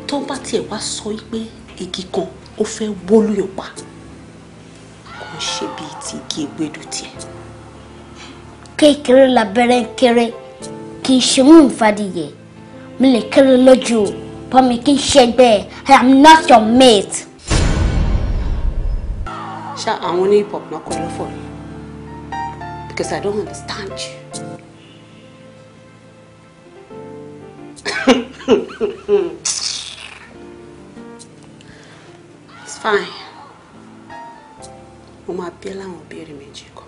tó bá tiẹ̀ wá sọ pé igi kan ó fẹ́ wólúyọ̀ pa kò ṣe bí ti igi ewédú tiẹ̀. kékeré labẹ́rẹ́ kéré kì í ṣe mú ìfadìyẹ mi lè kéré lójú bọ́mi kì í ṣẹgbẹ́ I am not your mate. ṣá àwọn oní hip hop náà kọ lọ́fọ̀ọ́ ni because I don't understand you. It's fine. Mo máa bí ẹ láwọn ìbéèrè méjì kan.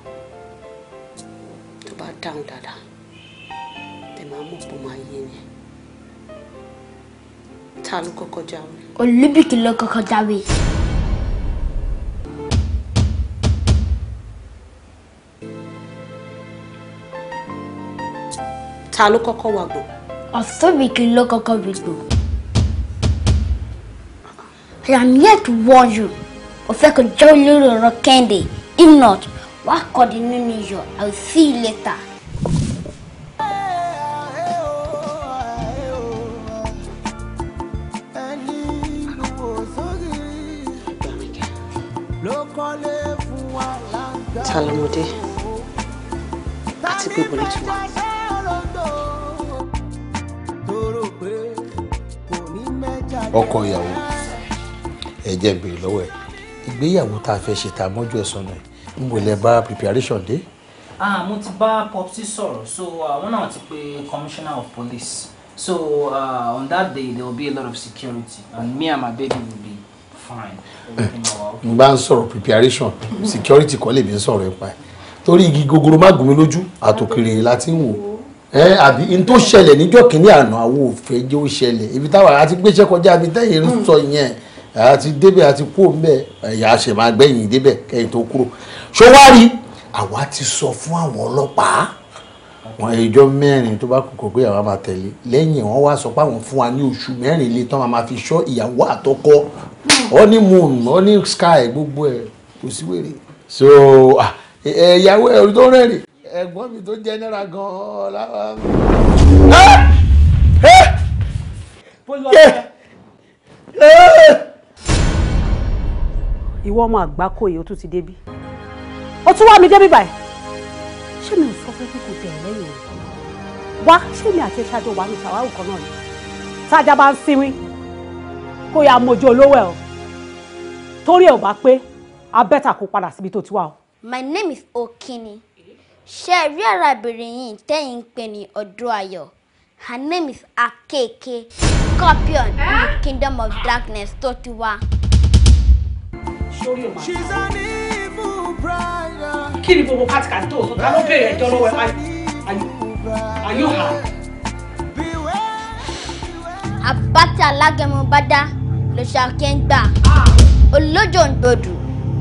Tó bá dáhùn dáadáa, bẹ̀ máa mọ̀ pé máa yé ni. Ta ló kọ́kọ́ ta ló kọ́kọ́ wà gbò. ọ̀sọ́bìkì ló kọ́kọ́ bí gbò. I am here to warn you o fẹ́ kó jẹ́ olórí ọ̀rọ̀ kẹ́ndé if not wàá kọ́ nínú iyọ̀ I will see you later. Talamode àti gbogbo ìtura. ọkọ ìyàwó ẹ jẹ́ béèrè lọ́wọ́ ìgbéyàwó tá a fẹ́ ṣe tá a mọ́jú ẹ̀ sọnù ń wòlẹ̀ bá preparation dé. ah mo ti bá popsi sọ̀rọ̀ so àwọn náà ti pe commissioner of police so uh, on that day there will be a lot of security and me and my baby will be fine. n ń sọ̀rọ̀ preparation security kọ́ lè mi sọ̀rọ̀ ẹ̀ pa ẹ̀ torí igi gogoro má gùn mí lójú àtòkèrè láti ń wò ẹ àbí n tó ṣẹlẹ̀ níjọ́ kìíní àná àwọn òfẹ́ jẹ́ ó ṣẹlẹ̀ ibi táwọn àti gbéṣẹ́ kọjá àbí tẹ́yìn ń hmm. sọ yẹn àti débẹ̀ àti kó mbẹ́ ẹ̀yà àṣẹ máa gbẹ̀yìn débẹ̀ kẹ́yìn tó kúrò ṣọwárí àwa ti sọ fún àwọn ọlọ́pàá wọn ìjọ mẹ́rin tó bá kọ́kọ́ pé àwa máa tẹ̀lé lẹ́yìn wọn wá sọ pé àwọn fún wa ní oṣù mẹ́rin lè tán máa fi ṣọ́ ìyàwó àtọkọ hmm. ọ́ní moon ọ́ní sky gbogbo ẹ̀ kò so ẹ̀yàwó ẹ̀ tó ẹ̀gbọ́n mi tó jẹ́nẹ́ra gan-an láwa. ìwọ ọmọ àgbákò yìí ó tún ti débi ó tún wá mi débi báyìí ṣé mi ò sọ fún kíkù tẹ̀ lẹ́yìn rẹ̀ wá ṣé mi àti ṣáájú wà ní ṣàwárò kan náà ni ṣáájá bá ń sinmi kó yá mojú olówó ẹ o torí ẹ ò bá pé abẹ́ta kó padà síbi tó ti wà o. My name is Okini ṣe rí arábìnrin yìí tẹ́yìn ń pè ní Odúayọ̀ her name is Akeke scorpion eh? in the kingdom of darkness tó ti wá. kí ni gbogbo pàtìkà tó ta ló bèrè ẹjọ́ lọ́wọ́ ẹ̀ ayọ̀ ha. àbátà alágẹmọ bàdá ló ṣàkẹ́ńgbà ah. olójó ń gbòdù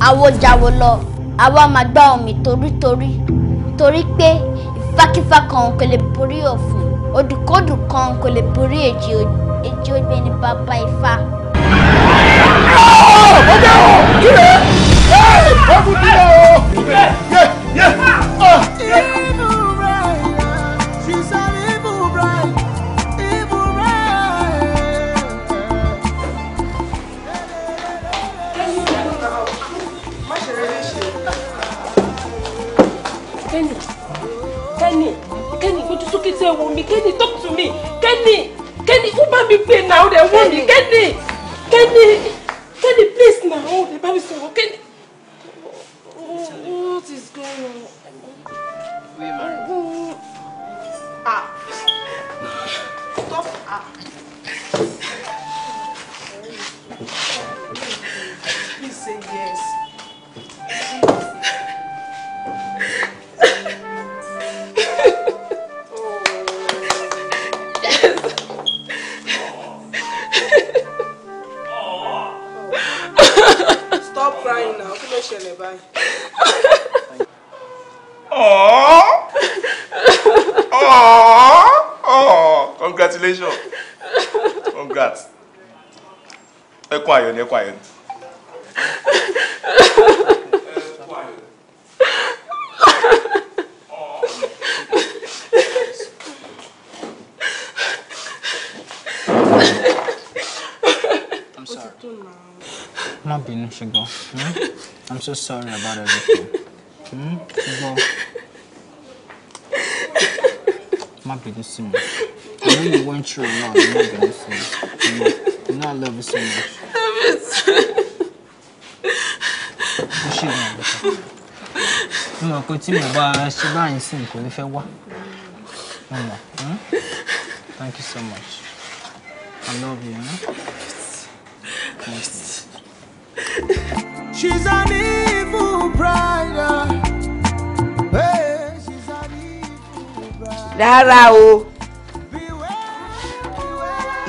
àwòjáwò lọ àwa máa gbá omi torítorí torí pé ìfákífá kan kò lè borí ọ̀fun odùkodù kan kò lè borí èjì èjì ní bàbá ifá. ọjà ò kílẹ̀ ẹ̀ ẹ̀ ọ̀gùn kílẹ̀ o. ṣe wù mí Kenny talk to me Kenny Kenny who bá me pè now? ó dẹ̀ wù Kenny Kenny Kenny please náà ó dẹ̀ bá mi sọ̀rọ̀ Kenny. What is going on? Ah. ló ṣẹlẹ̀ báyìí. congratulations congrats ẹkún ayọ̀ ni ẹkún ayọ̀ ni. bínú ṣùgbọ́n hmm? (laughs) i'm so sorry about everything hmm? ṣùgbọ́n má bínú i know you went through a lot má bínú sí mi you know i love you so much. ó ṣì ń bọ̀ mo mọ̀ pé tí mo bá ṣe báyìí sí nǹkan ní fẹ́ wá hmm? thank you so much i love you. Huh? Thank you. She's an evil bride. Ah. Hey, she's an evil bride. Rárá o.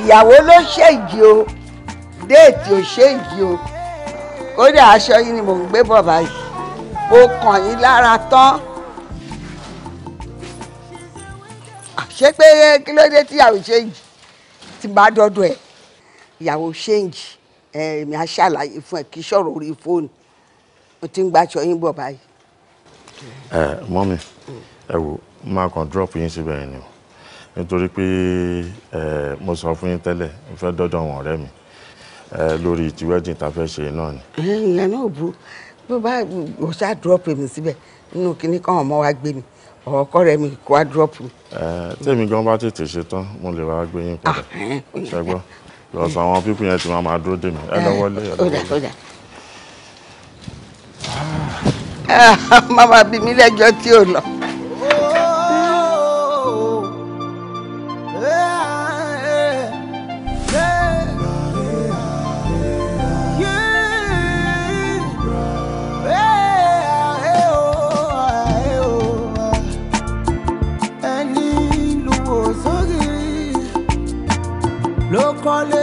Ìyàwó ló ṣèjì o. Déètì ò ṣèjì o. Kódà aṣọ yìí ni mò ń gbé bọ̀ báyìí. Mo kàn yín lára tán. Ṣé pé kí ló dé tí ìyàwó ṣèjì? Ti bá dọ́dọ̀ ẹ̀. Ìyàwó ṣèjì èmi á ṣàlàyé fún ẹ kí sọ̀rọ̀ orí fóònù mo ti ń gbàṣọ yín bọ̀ báyìí. ẹ mọ́mí ẹ wò máa kàn drop yín síbẹ̀ yẹn ni o nítorí pé ẹ mo sọ fún yín tẹ́lẹ̀ mo fẹ́ dọ́dọ̀ wọn ọ̀rẹ́ mi ẹ lórí ti wedding tá a fẹ́ ṣe náà ni. ìyẹn náà burú bó bá o ṣáà drop mi síbẹ̀ nínú kinní kan ọmọ wa gbé mi ọkọ rẹ mi kó a drop mi. ẹ tẹ́mi gan bá tètè ṣe tán mo lè wá gbé yín padà ah, ṣẹ́gbọ́n because àwọn pípù yẹn ti máa máa dúró dè mí ẹ lọ ah, wọlé ẹ lọ ah, (laughs) mama bí mi lẹ́jọ́ tí ò lọ. call